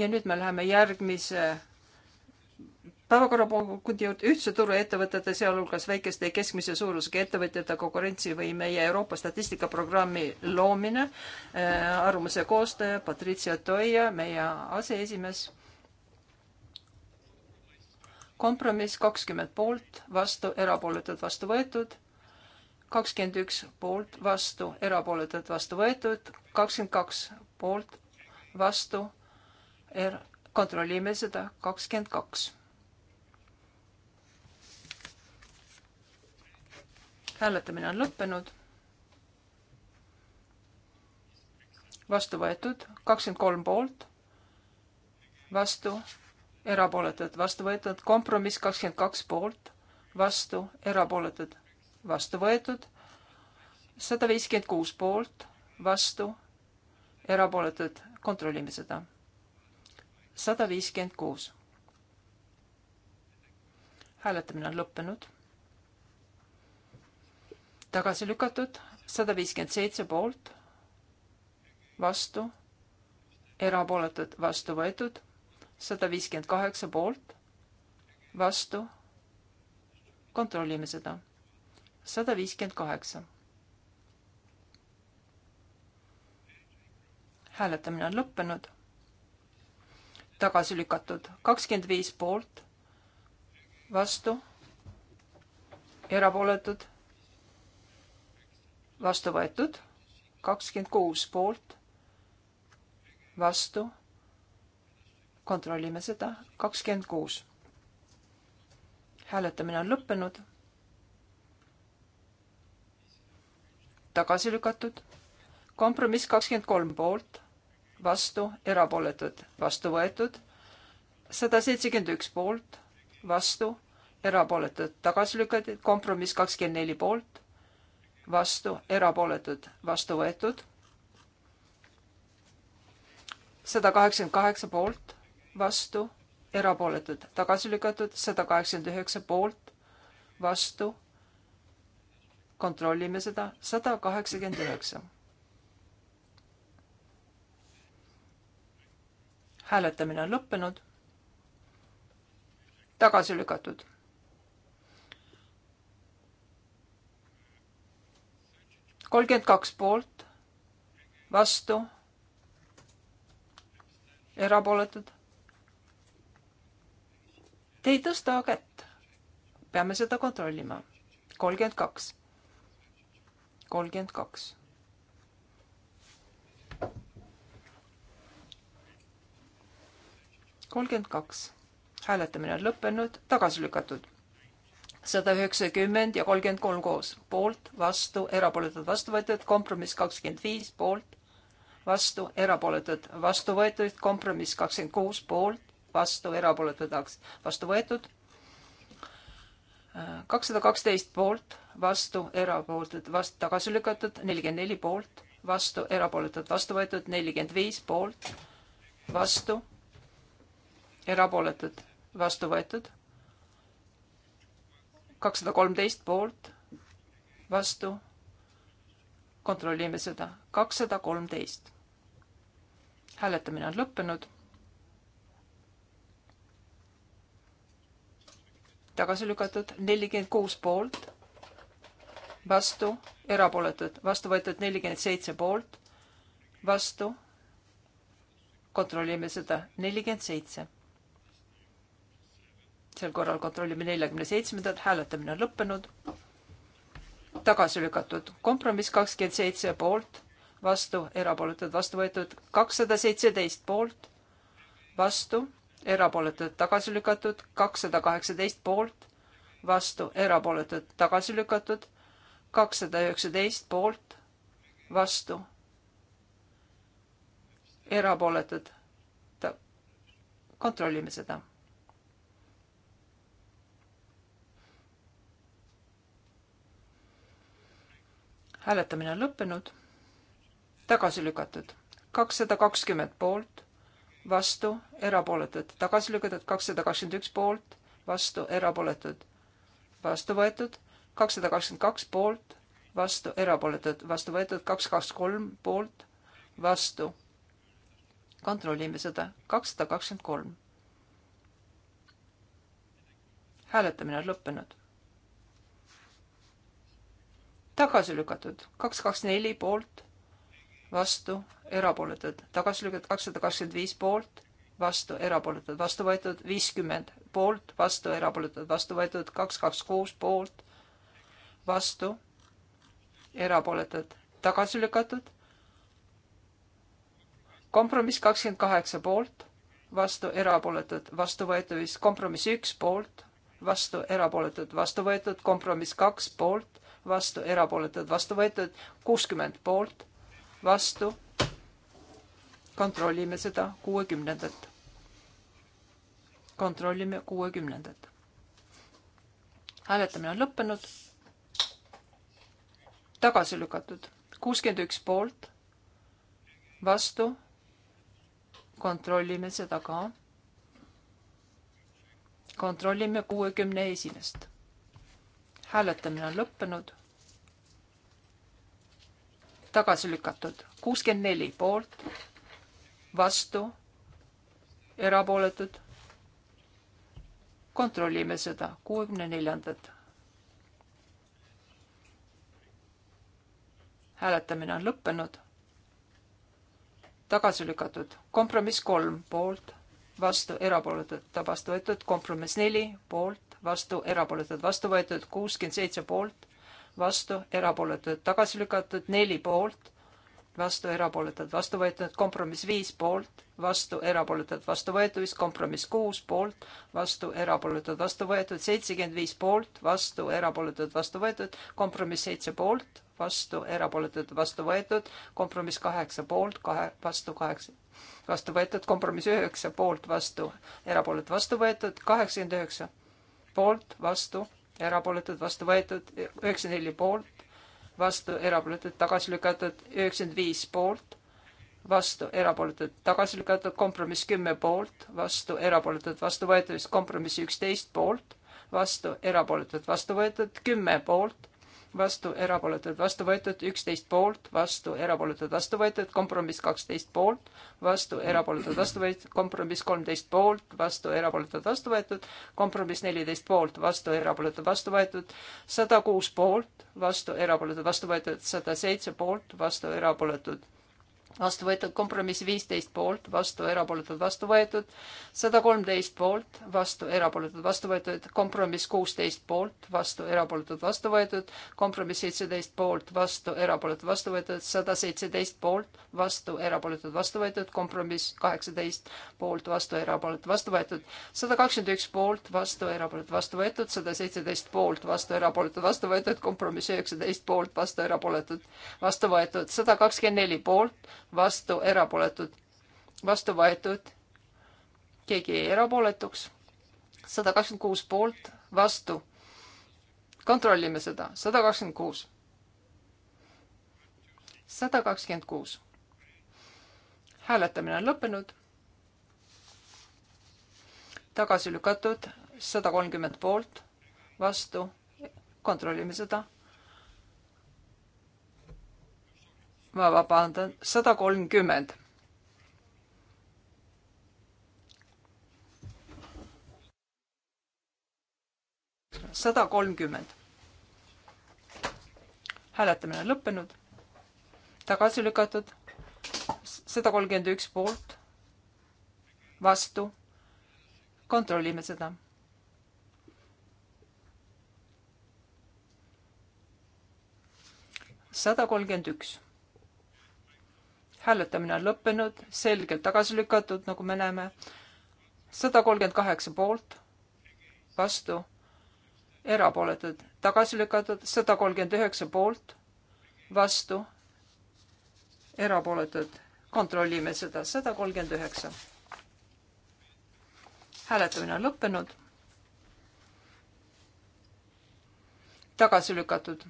ja nüüd me läheme järgmise päevakorrapunkti juurde ühtse turu ettevõtete, sealhulgas väikeste ja keskmise suurusega ettevõtjate konkurentsivõime ja Euroopa statistikaprogrammi loomine äh,. arvamuse koostaja Patricia Toia, meie aseesimees kompromiss kakskümmend poolt, vastu, erapooletud, vastu võetud. kakskümmend üks poolt, vastu, erapooletud, vastu võetud. kakskümmend kaks poolt, vastu er,, kontrollime seda, kakskümmend kaks. hääletamine on lõppenud. vastu võetud, kakskümmend kolm poolt, vastu erapooletud, vastu võetud, kompromiss kakskümmend kaks poolt, vastu, erapooletud, vastu võetud, sada viiskümmend kuus poolt, vastu, erapooletud, kontrollime seda. sada viiskümmend kuus. hääletamine on lõppenud. tagasi lükatud, sada viiskümmend seitse poolt, vastu, erapooletud, vastu võetud sada viiskümmend kaheksa poolt, vastu, kontrollime seda, sada viiskümmend kaheksa. hääletamine on lõppenud, tagasi lükatud, kakskümmend viis poolt, vastu, erapooletud, vastu võetud, kakskümmend kuus poolt, vastu kontrollime seda, kakskümmend kuus. hääletamine on lõppenud. tagasi lükatud. kompromiss kakskümmend kolm poolt, vastu, erapooletud, vastu võetud. sada seitsekümmend üks poolt, vastu, erapooletud, tagasi lükatud. kompromiss kakskümmend neli poolt, vastu, erapooletud, vastu võetud. sada kaheksakümmend kaheksa poolt vastu, erapooletud, tagasi lükatud, sada kaheksakümmend üheksa poolt, vastu. kontrollime seda, sada kaheksakümmend üheksa. hääletamine on lõppenud. tagasi lükatud. kolmkümmend kaks poolt, vastu, erapooletud Te ei tõsta kätt. peame seda kontrollima. kolmkümmend kaks. kolmkümmend kaks. kolmkümmend kaks. hääletamine on lõppenud, tagasi lükatud sada üheksakümmend ja kolmkümmend kolm koos. poolt, vastu, erapooletud, vastu võetud, kompromiss kakskümmend viis, poolt, vastu, erapooletud, vastu võetud, kompromiss kakskümmend kuus, poolt, vastu, erapooletud vastu võetud. kakssada kaksteist poolt, vastu, erapooletud, vastu tagasi lükatud, nelikümmend neli poolt, vastu, erapooletud, vastu võetud, nelikümmend viis poolt, vastu, erapooletud, vastu võetud. kakssada kolmteist poolt, vastu, kontrollime seda, kakssada kolmteist hääletamine on lõppenud. tagasi lükatud, nelikümmend kuus poolt, vastu, erapooletud, vastu võetud nelikümmend seitse poolt, vastu, kontrollime seda, nelikümmend seitse. sel korral kontrollime neljakümne seitsmendat, hääletamine on lõppenud, tagasi lükatud, kompromiss kakskümmend seitse poolt, vastu, erapooletud, vastu võetud, kakssada seitseteist poolt, vastu erapooletud tagasi lükatud, kakssada kaheksateist poolt, vastu erapooletud tagasi lükatud, kakssada üheksateist poolt, vastu erapooletud. kontrollime seda. hääletamine on lõppenud, tagasi lükatud, kakssada kakskümmend poolt vastu, erapooletud, tagasi lükatud kakssada kakskümmend üks poolt, vastu, erapooletud, vastu võetud kakssada kakskümmend kaks poolt, vastu, erapooletud, vastu võetud kaks, kaks, kolm poolt, vastu. kontrollime seda, kakssada kakskümmend kolm. hääletamine on lõppenud. tagasi lükatud kaks, kaks, neli poolt vastu, erapooletud, tagasi lükatud kakssada kakskümmend viis poolt, vastu, erapooletud, vastu võetud viiskümmend poolt, vastu, erapooletud, vastu võetud kaks, kaks, kuus poolt, vastu, erapooletud, tagasi lükatud. kompromiss kakskümmend kaheksa poolt, vastu, erapooletud, vastu võetud viis, kompromiss üks poolt, vastu, erapooletud, vastu võetud, kompromiss kaks poolt, vastu, erapooletud, vastu võetud, kuuskümmend poolt vastu. kontrollime seda kuuekümnendat. kontrollime kuuekümnendat. hääletamine on lõppenud. tagasi lükatud kuuskümmend üks poolt, vastu. kontrollime seda ka. kontrollime kuuekümne esimest. hääletamine on lõppenud tagasi lükatud. kuuskümmend neli poolt, vastu, erapooletud. kontrollime seda, kuuekümne neljandat. hääletamine on lõppenud. tagasi lükatud, kompromiss kolm poolt, vastu, erapooletud, ta vastu võetud, kompromiss neli poolt, vastu, erapooletud, vastu võetud, kuuskümmend seitse poolt, vastu, erapooletud, tagasi lükatud, neli poolt, vastu, erapooletud, vastu võetud, kompromiss viis poolt, vastu, erapooletud, vastu võetud, kompromiss kuus poolt, vastu, erapooletud, vastu võetud, seitsekümmend viis poolt, vastu, erapooletud, vastu võetud, kompromiss seitse poolt, vastu, erapooletud, vastu võetud, kompromiss kaheksa poolt, kahe, vastu kaheksa, vastu võetud, kompromiss üheksa poolt, vastu, erapooletud, vastu võetud, kaheksakümmend üheksa poolt, vastu, erapooletud, vastu võetud, üheksakümmend neli poolt, vastu erapooletud, tagasi lükatud, üheksakümmend viis poolt, vastu erapooletud, tagasi lükatud, kompromiss kümme poolt, vastu erapooletud, vastu võetud, kompromiss üksteist poolt, vastu erapooletud, vastu võetud, kümme poolt vastu, erapooletud, vastu võetud, üksteist poolt, vastu, erapooletud, vastu võetud, kompromiss kaksteist poolt, vastu, erapooletud, vastu võetud, kompromiss kolmteist poolt, vastu, erapooletud, vastu võetud, kompromiss neliteist poolt, vastu, erapooletud, vastu võetud, sada kuus poolt, vastu, erapooletud, vastu võetud, sada seitse poolt, vastu, erapooletud vastu võetud, kompromiss viisteist poolt, vastu erapooletud, vastu võetud, sada kolmteist poolt, vastu erapooletud, vastu võetud, kompromiss kuusteist poolt, vastu erapooletud, vastu võetud, kompromiss seitseteist poolt, vastu erapooletud, vastu võetud, sada seitseteist poolt, vastu erapooletud, vastu võetud, kompromiss kaheksateist poolt, vastu erapooletud, vastu võetud, sada kakskümmend üks poolt, vastu erapooletud, vastu võetud, sada seitseteist poolt, vastu erapooletud, vastu võetud, kompromiss üheksateist poolt, vastu erapooletud, vastu võetud, sada kakskümmend neli poolt, vastu erapooletud, vastu võetud, keegi jäi erapooletuks, sada kakskümmend kuus poolt, vastu. kontrollime seda, sada kakskümmend kuus. sada kakskümmend kuus. hääletamine on lõppenud. tagasi lükatud, sada kolmkümmend poolt, vastu, kontrollime seda ma vabandan, sada kolmkümmend. sada kolmkümmend. hääletamine on lõppenud, tagasi lükatud, sada kolmkümmend üks poolt, vastu, kontrollime seda sada kolmkümmend üks hääletamine on lõppenud, selgelt tagasi lükatud, nagu me näeme. sada kolmkümmend kaheksa poolt, vastu, erapooletud, tagasi lükatud, sada kolmkümmend üheksa poolt, vastu, erapooletud. kontrollime seda, sada kolmkümmend üheksa. hääletamine on lõppenud. tagasi lükatud,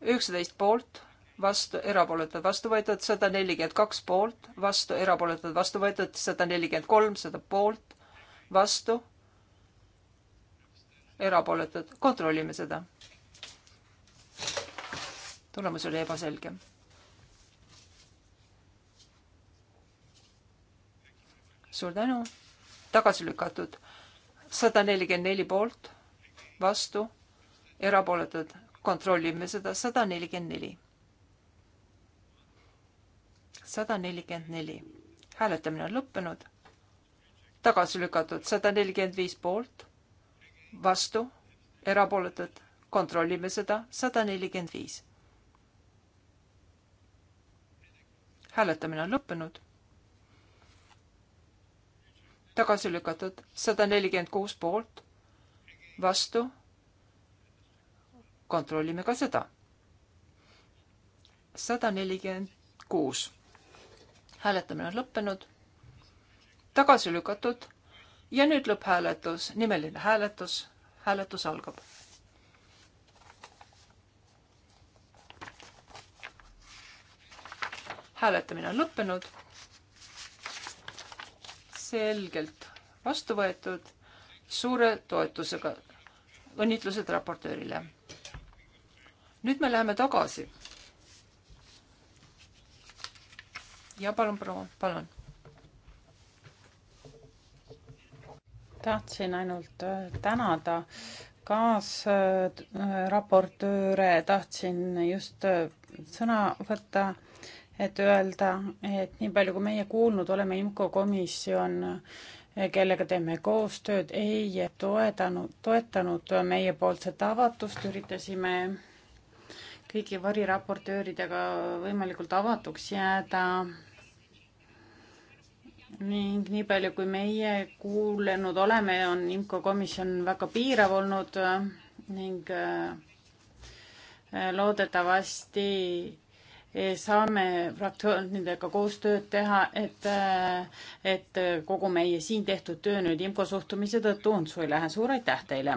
üksteist poolt vastu, erapooletud, vastu võetud, sada nelikümmend kaks poolt, vastu, erapooletud, vastu võetud, sada nelikümmend kolm, sada poolt, vastu, erapooletud, kontrollime seda. tulemus oli ebaselge. suur tänu, tagasi lükatud, sada nelikümmend neli poolt, vastu, erapooletud, kontrollime seda, sada nelikümmend neli sada nelikümmend neli. hääletamine on lõppenud. tagasi lükatud sada nelikümmend viis poolt, vastu, erapooletud, kontrollime seda, sada nelikümmend viis. hääletamine on lõppenud. tagasi lükatud sada nelikümmend kuus poolt, vastu, kontrollime ka seda sada nelikümmend kuus hääletamine on lõppenud, tagasi lükatud ja nüüd lõpphääletus, nimeline hääletus, hääletus algab. hääletamine on lõppenud, selgelt vastu võetud, suure toetusega õnnitlused raportöörile. nüüd me läheme tagasi ja palun, proua, palun. tahtsin ainult äh, tänada kaasraportööre, tahtsin just äh, sõna võtta, et öelda, et nii palju, kui meie kuulnud oleme, IMCO komisjon äh, kellega teeme koostööd, ei toetanud, toetanud meiepoolset avatust, üritasime kõigi variraportööridega võimalikult avatuks jääda ning nii palju, kui meie kuulenud oleme, on IMCO komisjon väga piirav olnud ning äh, loodetavasti äh, saame fraktsioonidega koostööd teha, et, äh, et kogu meie siin tehtud töö nüüd IMCO suhtumise tõttu untsu ei lähe. suur aitäh teile,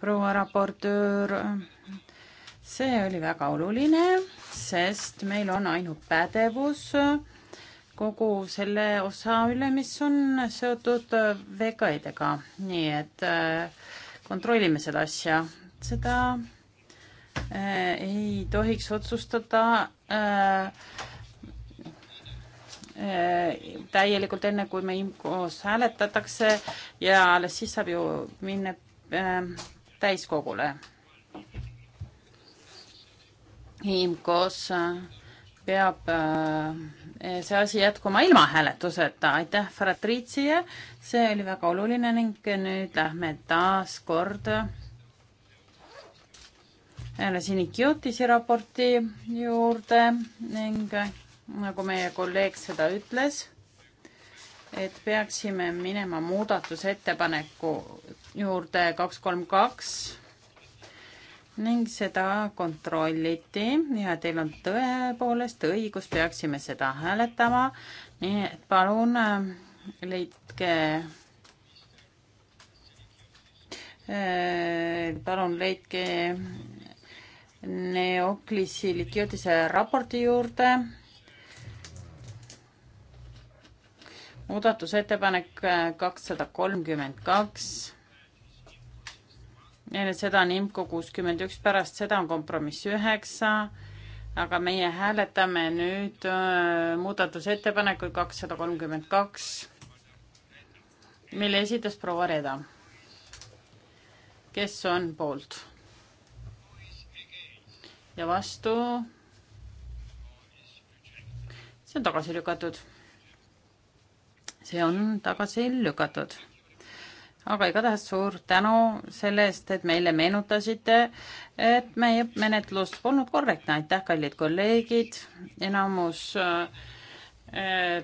proua raportöör. see oli väga oluline, sest meil on ainult pädevus äh, kogu selle osa üle, mis on seotud äh, VKI-dega, nii et äh, kontrollime seda asja, seda äh, ei tohiks otsustada äh, äh, täielikult enne, kui me IMCO-s hääletatakse ja alles siis saab ju minna äh, täiskogule. IMCO-s peab äh, see asi jätkuma ilma hääletuseta. aitäh, Fratriitsie, see oli väga oluline ning nüüd lähme taas kord siin Ikiotisi raporti juurde ning nagu meie kolleeg seda ütles, et peaksime minema muudatusettepaneku juurde kaks, kolm, kaks ning seda kontrolliti ja teil on tõepoolest õigus, peaksime seda hääletama. nii et palun äh, leidke, äh, palun leidke Neoklisi Likiotise raporti juurde. muudatusettepanek äh, kakssada kolmkümmend kaks seda on IMCO kuuskümmend üks, pärast seda on kompromiss üheksa, aga meie hääletame nüüd äh, muudatusettepanekuid kakssada kolmkümmend kaks, mille esitas proua Reda. kes on poolt? ja vastu? see on tagasi lükatud. see on tagasi lükatud aga igatahes suur tänu selle eest, et meile meenutasite, et meie menetlus polnud korrektne, aitäh, kallid kolleegid, enamus äh,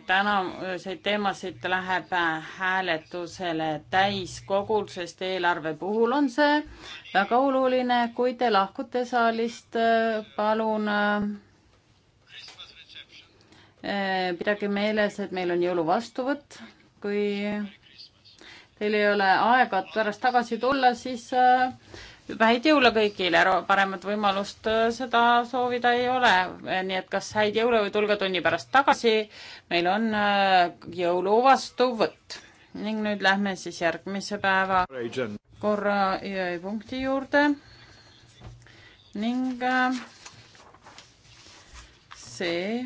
tänaseid äh, teemasid läheb äh, hääletusele täiskogul, sest eelarve puhul on see väga oluline. kui te lahkute saalist, palun pidage meeles, et meil on jõuluvastuvõtt, kui teil ei ole aega pärast tagasi tulla, siis äh, häid jõule kõigile, paremat võimalust äh, seda soovida ei ole. Äh, nii et kas häid jõule või tulge tunni pärast tagasi. meil on jõuluvastuvõtt ning nüüd lähme siis järgmise päeva korra punkti juurde. ning see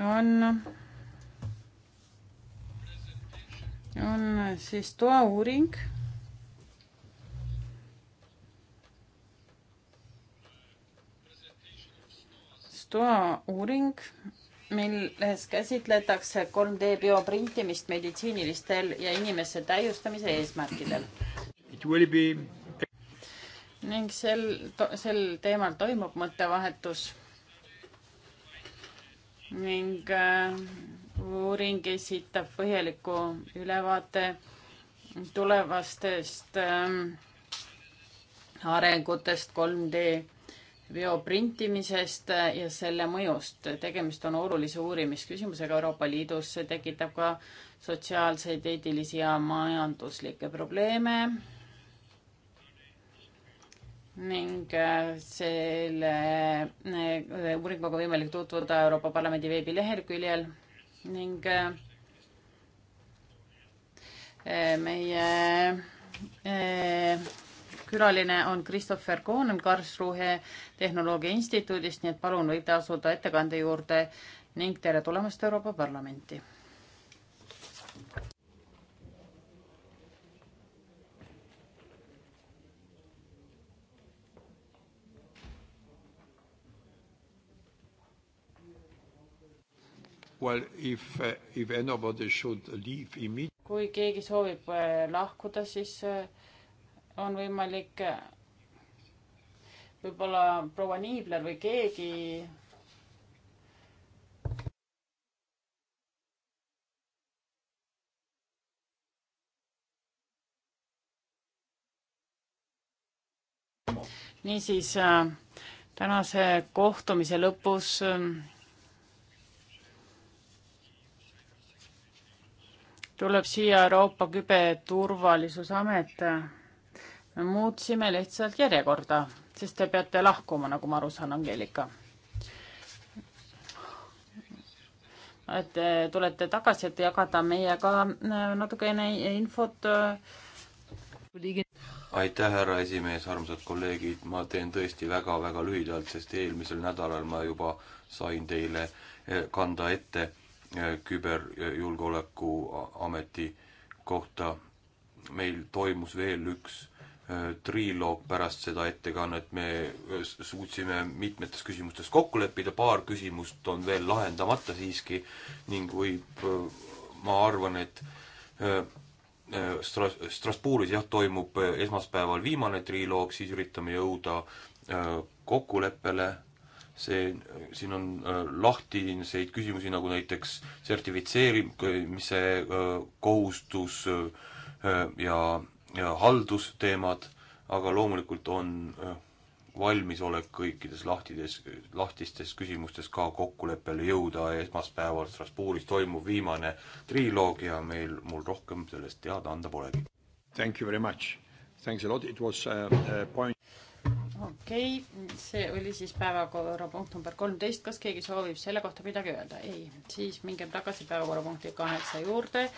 on on siis toauuring. STOA uuring, milles käsitletakse 3D bioprintimist meditsiinilistel ja inimese täiustamise eesmärkidel. Be... ning sel, sel teemal toimub mõttevahetus ning äh, uuring esitab põhjaliku ülevaate tulevastest ähm, arengutest 3D bioprintimisest äh, ja selle mõjust. tegemist on olulise uurimisküsimusega Euroopa Liidus, see tekitab ka sotsiaalseid, eetilisi ja majanduslikke probleeme. ning äh, selle äh, uuringuga võimalik tutvuda Euroopa Parlamendi veebileheküljel ning äh, äh, meie äh, külaline on Christopher Kohnen Karlsruhe Tehnoloogia Instituudist, nii et palun võib ta asuda ettekande juurde ning tere tulemast Euroopa Parlamenti Well, if, uh, if anybody should leave immediately. kui keegi soovib äh, lahkuda, siis äh, on võimalik äh, võib-olla proua Niibler või keegi niisiis tänase kohtumise lõpus tuleb siia Euroopa Küberturvalisusamet. me muutsime lihtsalt järjekorda, sest te peate lahkuma, nagu ma aru saan, Angeelika. et tulete tagasi, et jagada meiega äh, natukene infot. Äh. aitäh, härra esimees, armsad kolleegid, ma teen tõesti väga-väga lühidalt, sest eelmisel nädalal ma juba sain teile äh, kanda ette Äh, küberjulgeolekuameti kohta. meil toimus veel üks äh, triloog pärast seda ettekannet, me äh, suutsime mitmetes küsimustes kokku leppida, paar küsimust on veel lahendamata siiski ning võib, ma arvan, et Stras-, Strasbourgis jah, toimub esmaspäeval viimane triloog, siis üritame jõuda kokkuleppele see, siin on äh, lahtiseid küsimusi, nagu näiteks sertifitseerimise äh, kohustus äh, ja, ja haldusteemad, aga loomulikult on valmisolek kõikides lahtides, lahtistes küsimustes ka kokkuleppele jõuda, esmaspäeval Strasbourgis toimuv viimane triloog ja meil, mul rohkem sellest teada anda polegi. Thank you very much. Thanks a lot, it was a, uh, a point okei okay,, see oli siis päevakorrapunkt number kolmteist, kas keegi soovib selle kohta midagi öelda? ei, siis mingem tagasi päevakorrapunkti kaheksa juurde,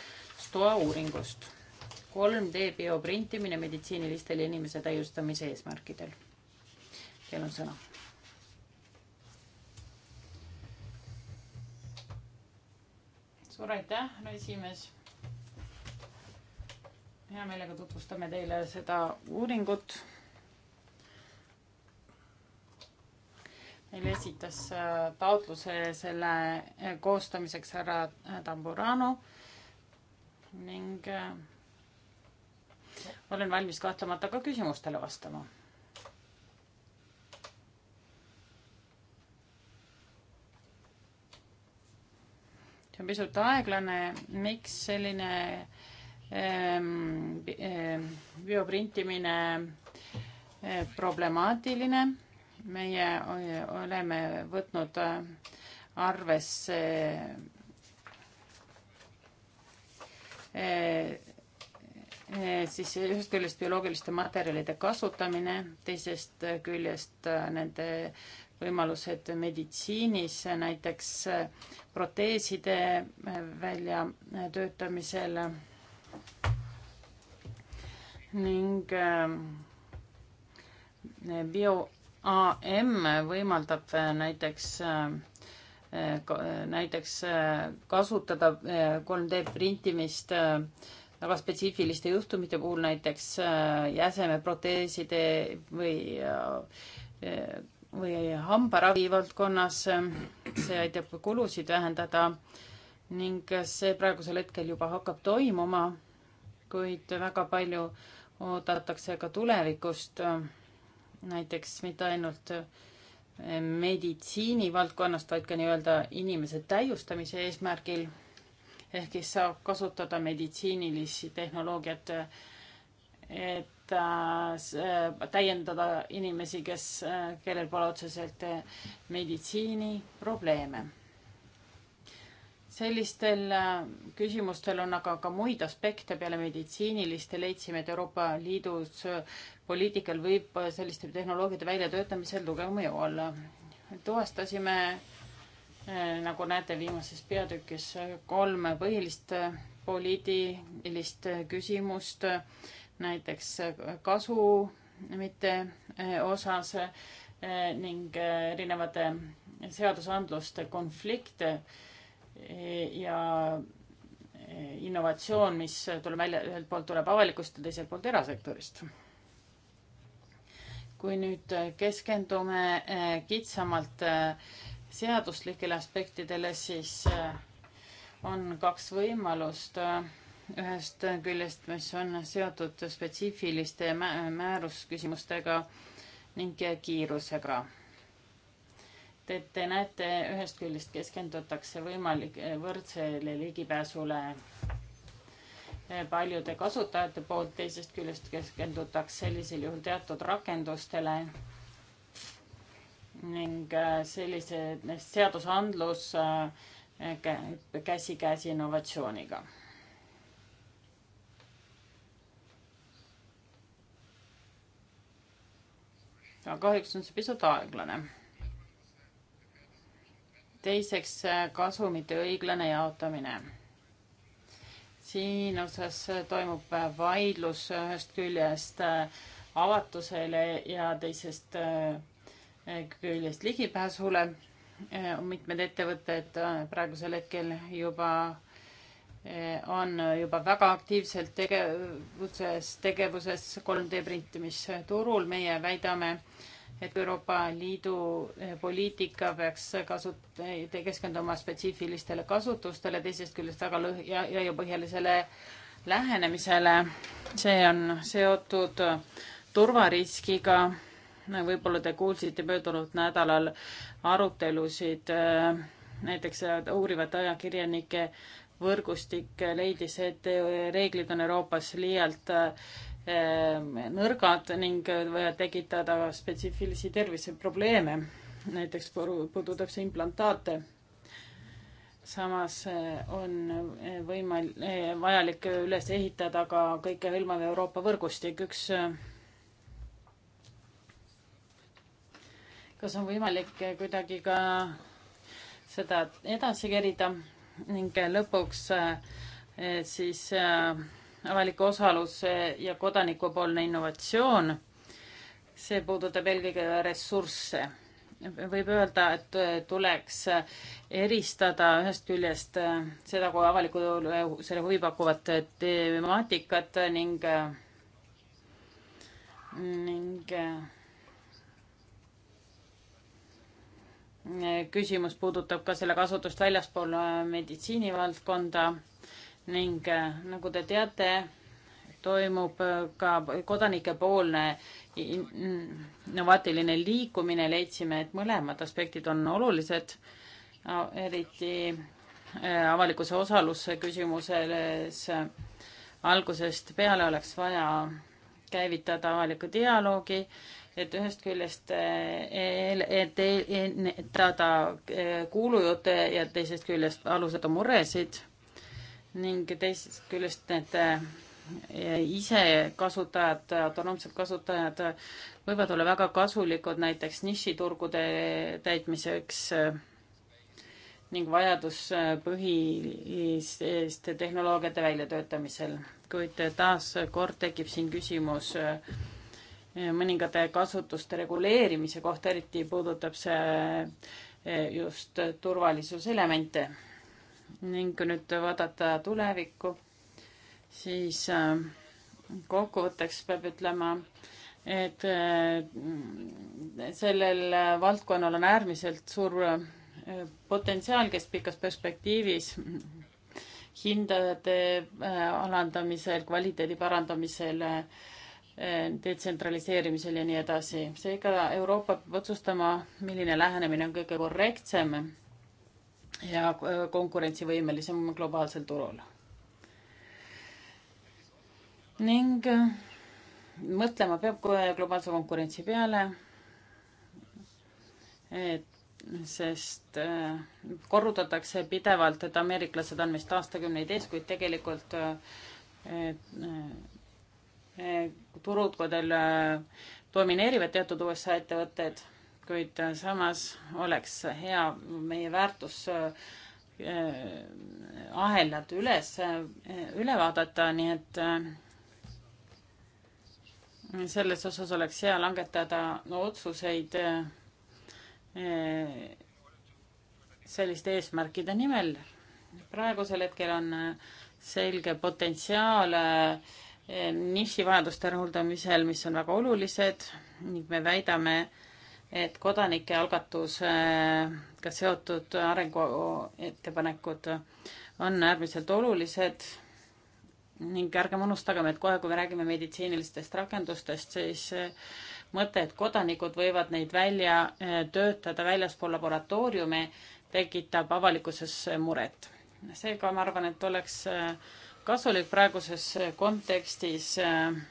STOA uuringust. 3D bioprintimine meditsiinilistel ja inimese täiustamise eesmärkidel. Teil on sõna. suur aitäh, härra esimees. hea meelega tutvustame teile seda uuringut meile esitas äh, taotluse selle äh, koostamiseks härra äh, Tamburano ning olen valmis kahtlemata ka küsimustele vastama. see on pisut aeglane, miks selline ähm, ähm bioprintimine äh, problemaatiline meie oleme võtnud äh, arvesse äh, äh, siis ühest küljest bioloogiliste materjalide kasutamine, teisest küljest nende võimalused meditsiinis, näiteks proteeside väljatöötamisel ning bio AM võimaldab äh, näiteks äh, näiteks äh, kasutada 3D printimist väga spetsiifiliste juhtumite puhul, näiteks jäsemeproteeside või, või hambaravi valdkonnas. see aitab kulusid vähendada ning see praegusel hetkel juba hakkab toimuma, kuid väga palju oodatakse ka tulevikust näiteks mitte ainult eh, meditsiinivaldkonnast, vaid ka nii-öelda inimese täiustamise eesmärgil. ehk siis saab kasutada meditsiinilisi tehnoloogiat, et eh, täiendada inimesi, kes, eh, kellel pole otseselt meditsiiniprobleeme sellistel äh, küsimustel on aga ka muid aspekte peale meditsiiniliste, leidsime, et Euroopa Liidus äh, poliitikal võib äh, selliste tehnoloogiate väljatöötamisel tugev mõju olla. tuvastasime, nagu näete viimases peatükis, kolm põhilist poliitilist küsimust, näiteks kasu mitte osas ning erinevate seadusandluste konflikte ja innovatsioon, mis tuleb välja, ühelt poolt tuleb avalikust ja teiselt poolt erasektorist. kui nüüd keskendume eh, kitsamalt eh, seaduslikele aspektidele, siis eh, on kaks võimalust. ühest küljest, mis on seotud spetsiifiliste määrusküsimustega ning kiirusega Te, te näete, ühest küljest keskendutakse võimalik võrdsele ligipääsule eh, paljude kasutajate poolt, teisest küljest keskendutakse sellisel juhul teatud rakendustele ning eh, sellise seadusandlus eh, käsikäes innovatsiooniga. aga kahjuks on see pisut aeglane teiseks äh, kasumite õiglane jaotamine. siin osas äh, toimub äh, vaidlus ühest küljest avatusele ja teisest küljest ligipääsule. mitmed ettevõtted praegusel hetkel juba on juba väga aktiivselt tegevuses, tegevuses 3D printimisturul, meie väidame, et Euroopa Liidu eh, poliitika peaks kasut-, eh, keskenduma spetsiifilistele kasutustele, teisest küljest väga lõh- ja laiapõhjalisele lähenemisele. see on seotud turvariskiga. võib-olla te kuulsite möödunud nädalal arutelusid eh, näiteks uurivate ajakirjanike võrgustik leidis, et reeglid on Euroopas liialt äh, Ehm, nõrgad ning äh, võivad tekitada spetsiifilisi terviseprobleeme, näiteks puudutab see implantaate. samas äh, on äh, võimal-, vajalik üles ehitada ka kõikehõlmav Euroopa võrgustik, üks kas on võimalik kuidagi ka seda edasi kerida ning lõpuks siis äh, avalik osalus ja kodanikupoolne innovatsioon. see puudutab eelkõige ressursse. võib öelda, et tuleks eristada ühest küljest seda kui avaliku, selle huvi pakkuvat temaatikat ning, ning küsimus puudutab ka selle kasutust väljaspool meditsiinivaldkonda ning äh, nagu te teate, toimub äh, ka kodanikepoolne innovaatiline liikumine, leidsime, et mõlemad aspektid on olulised, eriti äh, avalikkuse osaluse küsimuses algusest peale oleks vaja käivitada avalikku dialoogi, et ühest küljest ennetada kuulujutte ja teisest küljest alustada muresid ning teisest küljest need äh, ise kasutajad, autonoomsed kasutajad võivad olla väga kasulikud näiteks nišiturgude täitmiseks äh, ning vajaduspõhiste äh, tehnoloogiate väljatöötamisel. kuid taas kord tekib siin küsimus mõningate kasutuste reguleerimise kohta, eriti puudutab see just turvalisuse elemente ning kui nüüd vaadata tulevikku, siis äh, kokkuvõtteks peab ütlema, et äh, sellel äh, valdkonnal on äärmiselt suur potentsiaal, kes pikas perspektiivis hindade alandamisel, kvaliteedi parandamisel, detsentraliseerimisel ja nii edasi. seega Euroopa peab otsustama, milline lähenemine on kõige korrektsem ja äh, konkurentsivõimelisem globaalsel turul. ning äh, mõtlema peab globaalse konkurentsi peale, et sest äh, korrutatakse pidevalt, et ameeriklased on meist aastakümneid ees, kuid tegelikult et, et, turud, kui teil domineerivad teatud USA ettevõtted kuid äh, samas oleks hea meie väärtus äh, äh, ahelad üles, üle vaadata, nii et selles osas oleks hea langetada otsuseid selliste eesmärkide nimel. praegusel hetkel on selge potentsiaal nišivajaduste rahuldamisel, mis on väga olulised ning me väidame, et kodanike algatusega seotud arenguettepanekud on äärmiselt olulised ning ärgem unustagem, et kohe, kui me räägime meditsiinilistest rakendustest, siis eh, mõte, et kodanikud võivad neid välja eh, töötada väljaspool laboratooriumi, tekitab avalikkuses muret. seega ma arvan, et oleks eh, kasulik praeguses kontekstis äh,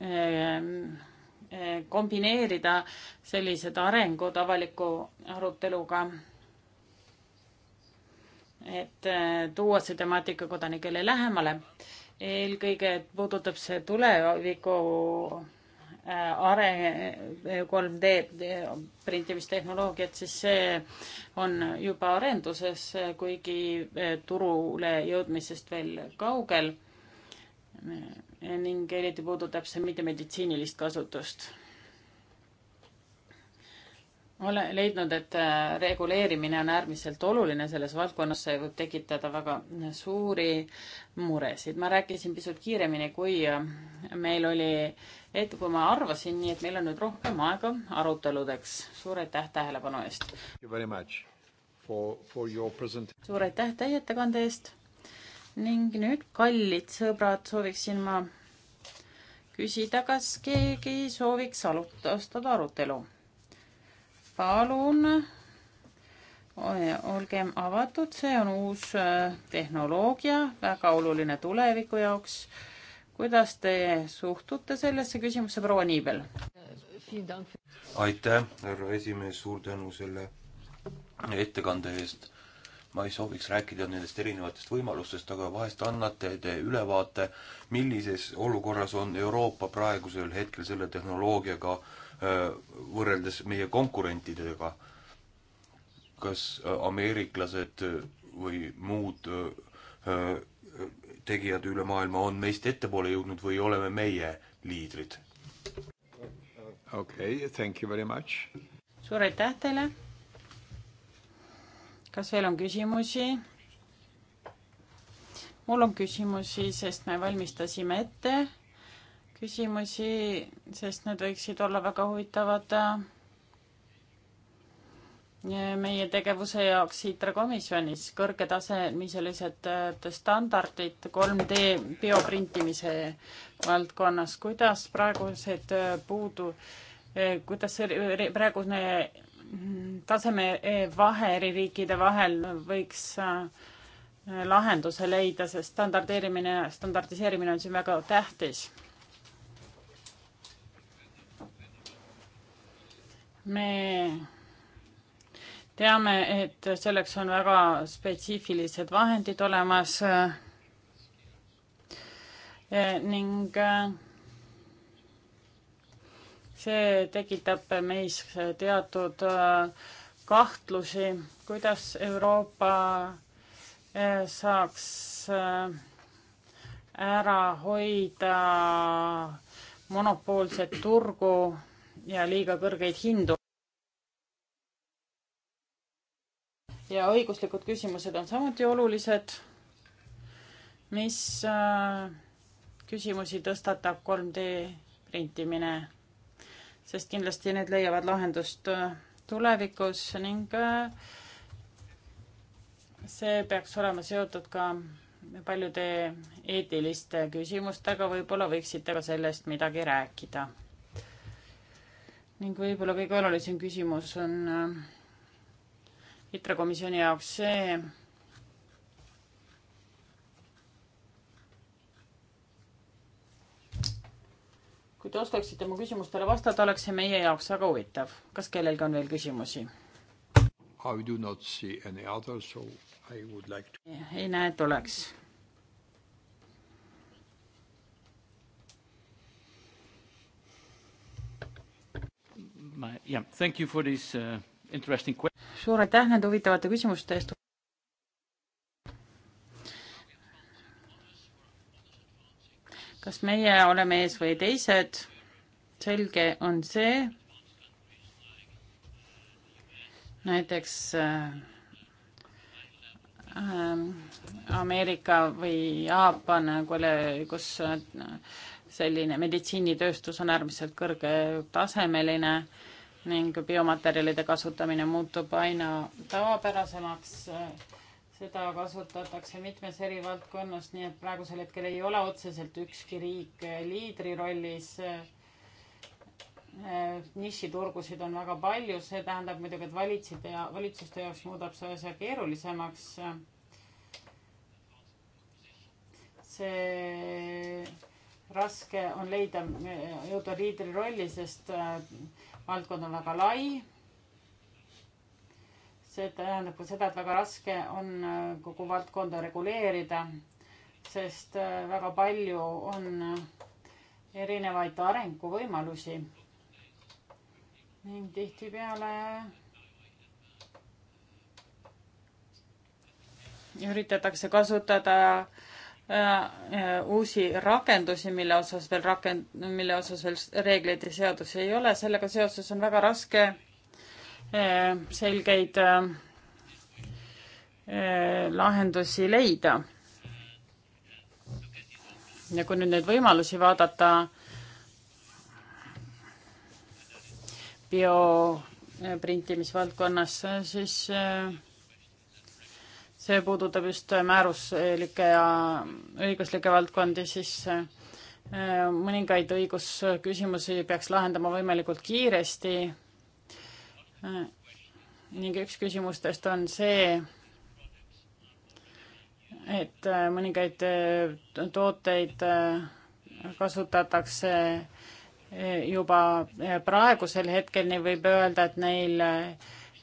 Ehm, eh, kombineerida sellised arengud avaliku aruteluga, et eh, tuua see temaatika kodanikele lähemale. eelkõige puudutab see tuleviku eh, are-, 3D printimistehnoloogiat, siis see on juba arenduses, kuigi turule jõudmisest veel kaugel ning eriti puudutab see mittemeditsiinilist kasutust. olen leidnud, et äh, reguleerimine on äärmiselt oluline selles valdkonnas, see võib tekitada väga suuri muresid. ma rääkisin pisut kiiremini, kui äh, meil oli ette, kui ma arvasin, nii et meil on nüüd rohkem aega aruteludeks. suur aitäh tähelepanu eest! suur aitäh teie ettekande eest! ning nüüd, kallid sõbrad, sooviksin ma küsida, kas keegi sooviks alustada arutelu. palun olgem avatud, see on uus äh, tehnoloogia, väga oluline tuleviku jaoks. kuidas te suhtute sellesse küsimusse, proua Niibel? aitäh, härra esimees, suur tänu selle ettekande eest ma ei sooviks rääkida nendest erinevatest võimalustest, aga vahest annate te ülevaate, millises olukorras on Euroopa praegusel hetkel selle tehnoloogiaga võrreldes meie konkurentidega. kas ameeriklased või muud tegijad üle maailma on meist ettepoole jõudnud või oleme meie liidrid? okei okay,, thank you very much. suur aitäh teile kas veel on küsimusi? mul on küsimusi, sest me valmistasime ette küsimusi, sest need võiksid olla väga huvitavad eh, meie tegevuse jaoks ITRA komisjonis, kõrgetasemelised eh, standardid 3D bioprintimise valdkonnas, kuidas praegused eh, puudu, kuidas see praegune taseme e vahe eri riikide vahel võiks äh, lahenduse leida, sest standardeerimine, standardiseerimine on siin väga tähtis. me teame, et selleks on väga spetsiifilised vahendid olemas äh, ning äh, see tekitab meis teatud äh, kahtlusi, kuidas Euroopa äh, saaks äh, ära hoida monopoolset turgu ja liiga kõrgeid hindu. ja õiguslikud küsimused on samuti olulised. mis küsimusi tõstatab 3D printimine? sest kindlasti need leiavad lahendust äh, tulevikus ning äh, see peaks olema seotud ka paljude eetiliste küsimustega, võib-olla võiksite ka sellest midagi rääkida. ning võib-olla kõige olulisem küsimus on äh, ITRA komisjoni jaoks see, te oskaksite mu küsimustele vastata, oleks see meie jaoks väga huvitav. kas kellelgi on veel küsimusi? I do not see any other, so I would like to. ei näe, et oleks. Yeah, thank you for this uh, interesting question. suur aitäh nende huvitavate küsimuste eest. kas meie oleme ees või teised. selge on see, näiteks äh, Ameerika või Jaapan, kus äh, selline meditsiinitööstus on äärmiselt kõrgetasemeline ning biomaterjalide kasutamine muutub aina tavapärasemaks äh, seda kasutatakse mitmes eri valdkonnas, nii et praegusel hetkel ei ole otseselt ükski riik liidri rollis. nišiturgusid on väga palju, see tähendab muidugi, et valitsite ja valitsuste jaoks muudab see asja keerulisemaks. see raske on leida, jõuda liidri rolli, sest äh, valdkond on väga lai see tähendab ka seda, et väga raske on äh, kogu valdkonda reguleerida, sest äh, väga palju on äh, erinevaid arenguvõimalusi. ning tihtipeale üritatakse kasutada uusi rakendusi, mille osas veel rakend-, mille osas veel reegleid ja seadusi ei ole, sellega seoses on väga raske Eh, selgeid eh, eh, lahendusi leida. ja kui nüüd neid võimalusi vaadata, bioprintimisvaldkonnas, siis see puudutab just määruslikke ja õiguslikke valdkondi, siis mõningaid õigusküsimusi peaks lahendama võimalikult kiiresti ning üks küsimustest on see, et äh, mõningaid äh, tooteid äh, kasutatakse juba praegusel hetkel, nii võib öelda, et neil,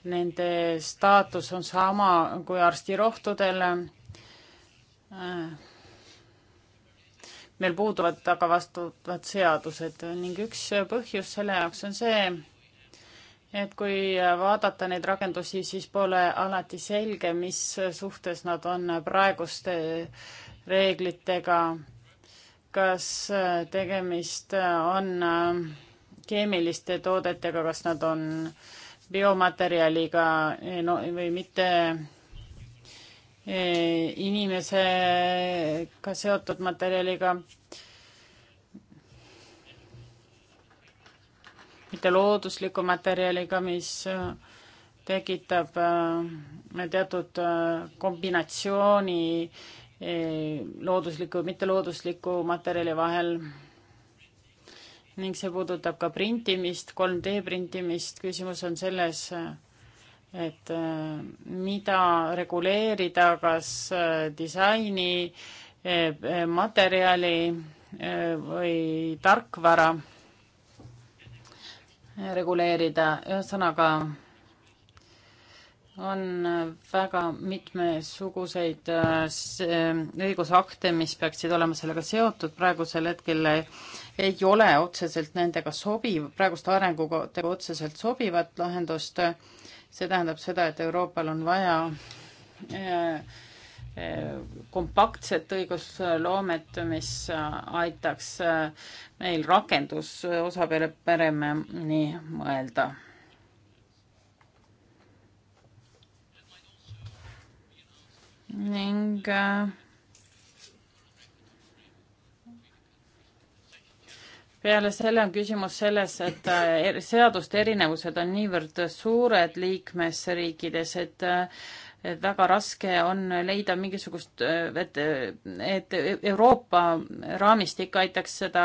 nende staatus on sama kui arstirohtudel. meil puuduvad aga vastavad seadused ning üks põhjus selle jaoks on see, et kui vaadata neid rakendusi, siis pole alati selge, mis suhtes nad on praeguste reeglitega. kas tegemist on keemiliste toodetega, kas nad on biomaterjaliga no, või mitte e, inimesega seotud materjaliga mitte loodusliku materjaliga, mis äh, tekitab äh, teatud äh, kombinatsiooni loodusliku ja mitteloodusliku materjali vahel ning see puudutab ka printimist, 3D printimist, küsimus on selles, et mida reguleerida, kas disaini, materjali või tarkvara reguleerida, ühesõnaga on väga mitmesuguseid äh, õigusakte, mis peaksid olema sellega seotud, praegusel hetkel ei ole otseselt nendega sobiv, praeguste arengutega otseselt sobivat lahendust, see tähendab seda, et Euroopal on vaja äh, kompaktset õigusloomet, mis aitaks meil rakendusosa peale paremini mõelda. ning peale selle on küsimus selles, et eh, seaduste erinevused on niivõrd suured liikmesriikides, et eh, väga raske on leida mingisugust, et, et Euroopa raamistik aitaks seda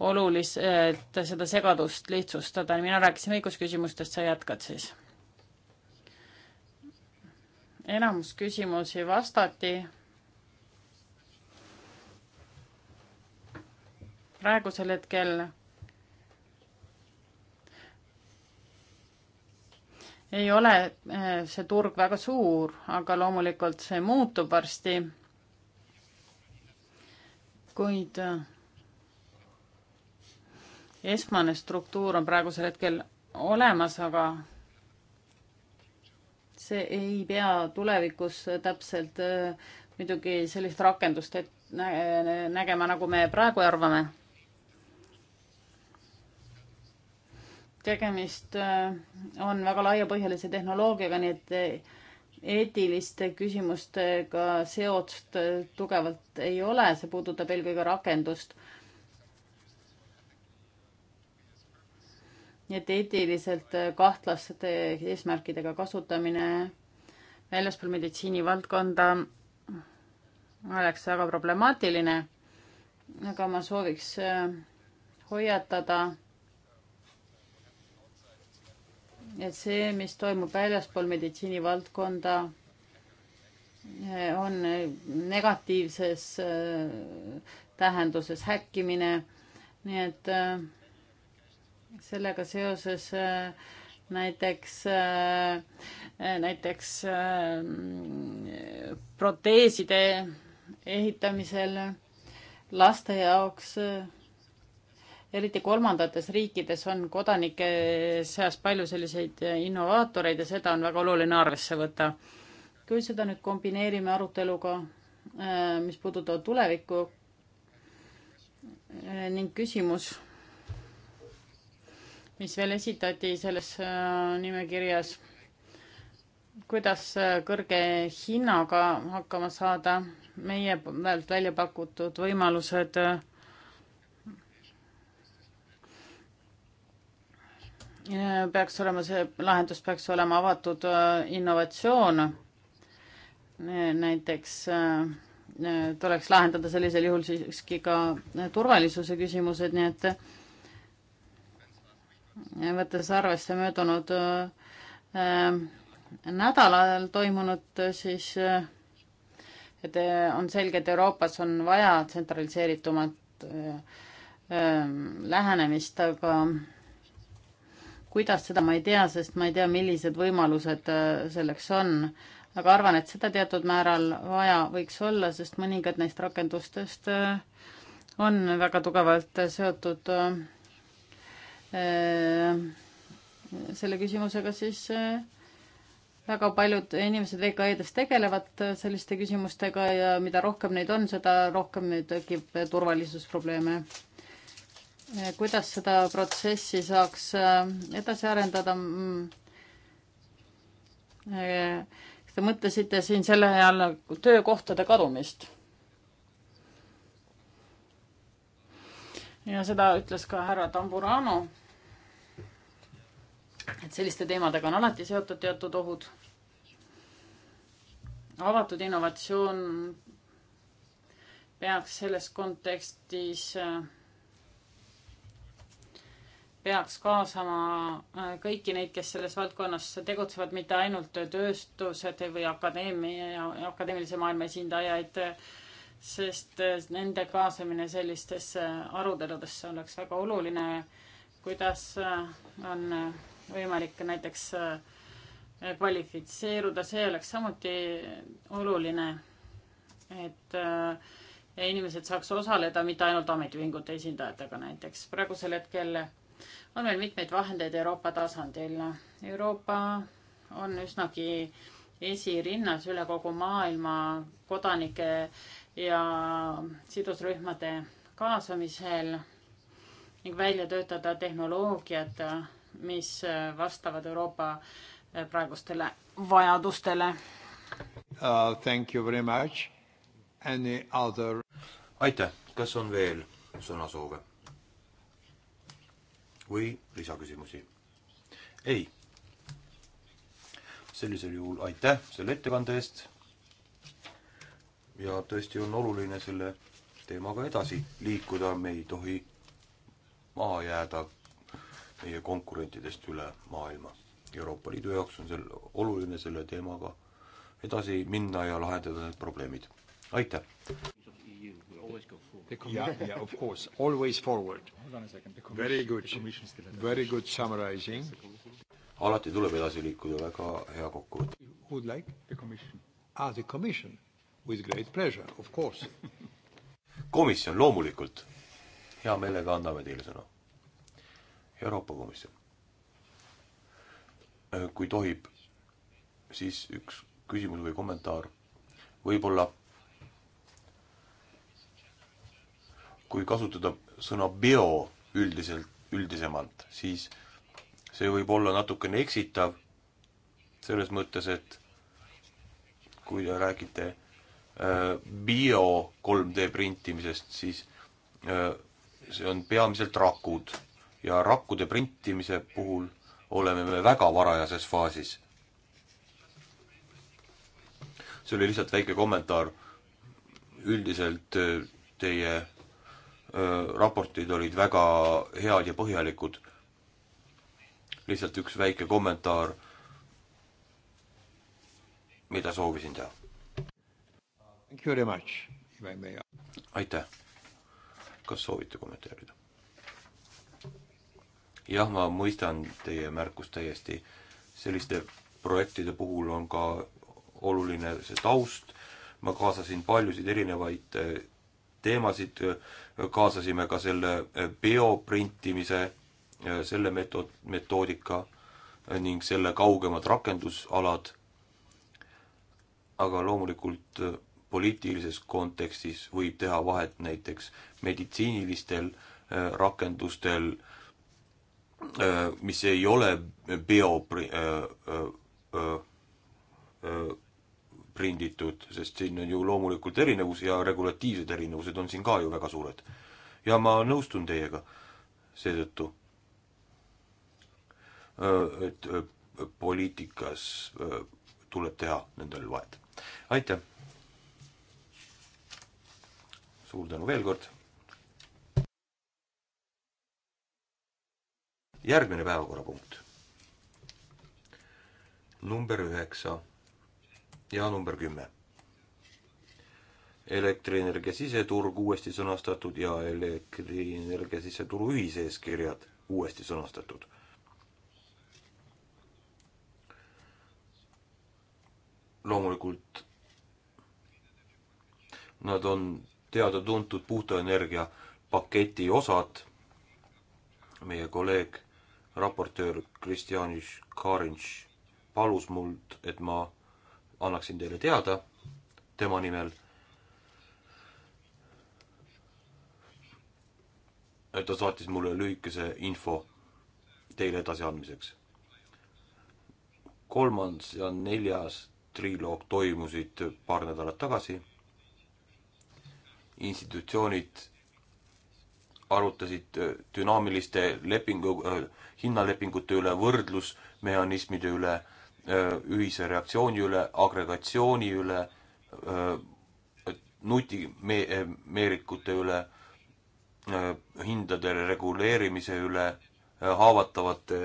oluliselt, seda segadust lihtsustada. mina rääkisin õigusküsimustest, sa jätkad siis? enamus küsimusi vastati. praegusel hetkel ei ole eh, see turg väga suur, aga loomulikult see muutub varsti. kuid eh, esmane struktuur on praegusel hetkel olemas, aga see ei pea tulevikus täpselt eh, muidugi sellist rakendust et nägema, nagu me praegu arvame tegemist äh, on väga laiapõhjalise tehnoloogiaga, nii et äh, eetiliste küsimustega seost äh, tugevalt ei ole, see puudutab eelkõige rakendust. nii et eetiliselt kahtlaste eesmärkidega kasutamine väljaspool meditsiinivaldkonda oleks väga problemaatiline. aga ma sooviks hoiatada et see, mis toimub väljaspool meditsiinivaldkonda, on negatiivses äh, tähenduses häkkimine, nii et äh, sellega seoses äh, näiteks, näiteks proteeside ehitamisel laste jaoks eriti kolmandates riikides on kodanike seas palju selliseid eh, innovaatoreid ja seda on väga oluline arvesse võtta. kui seda nüüd kombineerime aruteluga, eh, mis puudutab tulevikku eh, ning küsimus, mis veel esitati selles nimekirjas, kuidas kõrge hinnaga hakkama saada, meie poolt välja pakutud võimalused äh, peaks olema see, lahendus peaks olema avatud äh, innovatsioon. näiteks äh, äh, tuleks lahendada sellisel juhul siiski ka turvalisuse küsimused, nii et võttes arvesse möödunud nädalal toimunut, siis et on selge, et Euroopas on vaja tsentraliseeritumat lähenemist, aga kuidas, seda ma ei tea, sest ma ei tea, millised võimalused äh, selleks on. aga arvan, et seda teatud määral vaja võiks olla, sest mõningad neist rakendustest äh, on väga tugevalt seotud äh, selle küsimusega siis väga paljud inimesed VKE-des tegelevad selliste küsimustega ja mida rohkem neid on, seda rohkem tekib turvalisusprobleeme Eh, kuidas seda protsessi saaks eh, edasi arendada? kas mm. eh, te mõtlesite siin selle all töökohtade kadumist? ja seda ütles ka härra Tamburano. et selliste teemadega on alati seotud teatud ohud. avatud innovatsioon peaks selles kontekstis äh, peaks kaasama äh, kõiki neid, kes selles valdkonnas tegutsevad, mitte ainult tööstused või akadeemia, akadeemilise maailma esindajaid, sest äh, nende kaasamine sellistesse aruteludesse oleks väga oluline, kuidas äh, on võimalik näiteks kvalifitseeruda, see oleks samuti oluline, et inimesed saaks osaleda mitte ainult ametiühingute esindajatega näiteks. praegusel hetkel on meil mitmeid vahendeid Euroopa tasandil. Euroopa on üsnagi esirinnas üle kogu maailma kodanike ja sidusrühmade kaasamisel ning välja töötada tehnoloogiad, mis vastavad Euroopa eh, praegustele vajadustele uh,. Thank you very much. Any other? aitäh, kas on veel sõnasoove? või lisaküsimusi? ei. sellisel juhul aitäh selle ettekande eest. ja tõesti on oluline selle teemaga edasi liikuda, me ei tohi maha jääda meie konkurentidest üle maailma. Euroopa Liidu jaoks on sel-, oluline selle teemaga edasi minna ja lahendada need probleemid. aitäh! always go forward. The commission. Yeah, yeah, of course. Always forward. Hold on a second. The commission. Very good. The commission still has Very good summarizing. alati tuleb edasi liikuda, väga hea kokkuvõte. Who would like? The commission. Ah, the commission. With great pleasure, of course komisjon, loomulikult. hea meelega anname teile sõna. Euroopa Komisjon. Äh, kui tohib, siis üks küsimus või kommentaar. võib-olla kui kasutada sõna bio üldiselt, üldisemalt, siis see võib olla natukene eksitav selles mõttes, et kui te räägite äh, bio 3D printimisest, siis äh, see on peamiselt rakud ja rakkude printimise puhul oleme me väga varajases faasis. see oli lihtsalt väike kommentaar. üldiselt äh, teie raportid olid väga head ja põhjalikud. lihtsalt üks väike kommentaar, mida soovisin teha. aitäh. kas soovite kommenteerida? jah, ma mõistan teie märkust täiesti. selliste projektide puhul on ka oluline see taust. ma kaasasin paljusid erinevaid teemasid, kaasasime ka selle bioprintimise, selle meto-, metoodika ning selle kaugemad rakendusalad, aga loomulikult poliitilises kontekstis võib teha vahet näiteks meditsiinilistel rakendustel, mis ei ole biopri-, prinditud, sest siin on ju loomulikult erinevus ja regulatiivsed erinevused on siin ka ju väga suured. ja ma nõustun teiega seetõttu, äh, et äh, poliitikas äh, tuleb teha nendel vahet. aitäh! suur tänu veel kord! järgmine päevakorrapunkt number üheksa ja number kümme. elektrienergia siseturg uuesti sõnastatud ja elektrienergia siseturu ühiseeskirjad uuesti sõnastatud. loomulikult nad on teada-tuntud puhta energia paketi osad. meie kolleeg, raportöör Kristjan Karinš palus mult, et ma annaksin teile teada tema nimel. ta saatis mulle lühikese info teile edasiandmiseks. kolmas ja neljas triloog toimusid paar nädalat tagasi. institutsioonid arutasid äh, dünaamiliste lepingu äh,, hinnalepingute üle, võrdlusmehhanismide üle äh,, Äh, ühise reaktsiooni üle, agregatsiooni üle, äh, nutimeerikute üle, äh, hindade reguleerimise üle, haavatavate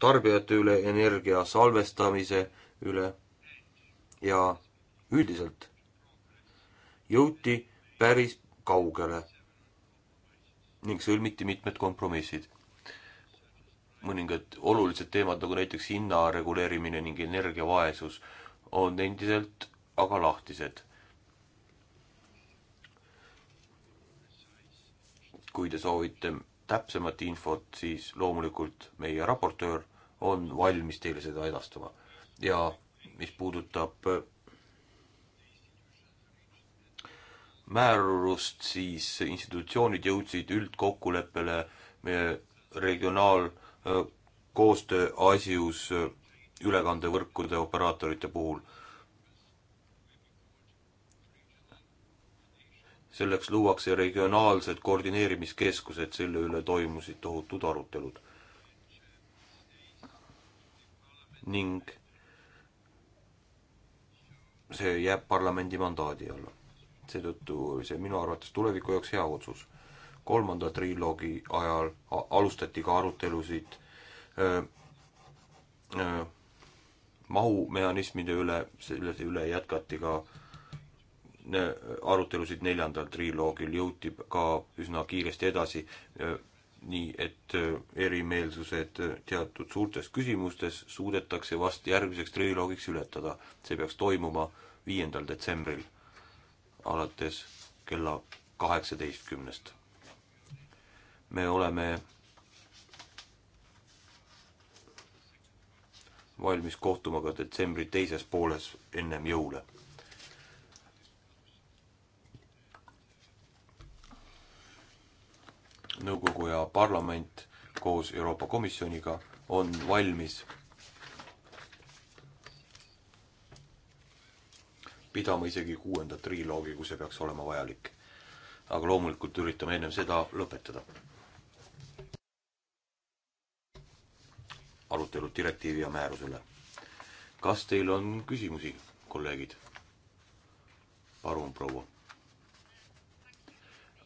tarbijate üle, energia salvestamise üle ja üldiselt jõuti päris kaugele ning sõlmiti mitmed kompromissid mõningad olulised teemad, nagu näiteks hinna reguleerimine ning energiavaesus, on endiselt aga lahtised. kui te soovite täpsemat infot, siis loomulikult meie raportöör on valmis teile seda edastama. ja mis puudutab äh, määrust, siis institutsioonid jõudsid üldkokkuleppele regionaal- koostöö asjus ülekandevõrkude operaatorite puhul. selleks luuakse regionaalsed koordineerimiskeskused, selle üle toimusid tohutud arutelud. ning see jääb parlamendi mandaadi alla. seetõttu see minu arvates tuleviku jaoks hea otsus kolmanda triloogi ajal alustati ka arutelusid öö, öö, mahumehhanismide üle, selle üle jätkati ka arutelusid neljandal triloogil, jõuti ka üsna kiiresti edasi, nii et erimeelsused teatud suurtes küsimustes suudetakse vast järgmiseks triloogiks ületada. see peaks toimuma viiendal detsembril alates kella kaheksateistkümnest me oleme valmis kohtuma ka detsembri teises pooles ennem jõule. nõukogu ja parlament koos Euroopa Komisjoniga on valmis pidama isegi kuuendat triloogi, kui see peaks olema vajalik. aga loomulikult üritame ennem seda lõpetada arutelud direktiivi ja määruse üle. kas teil on küsimusi, kolleegid? palun, proua.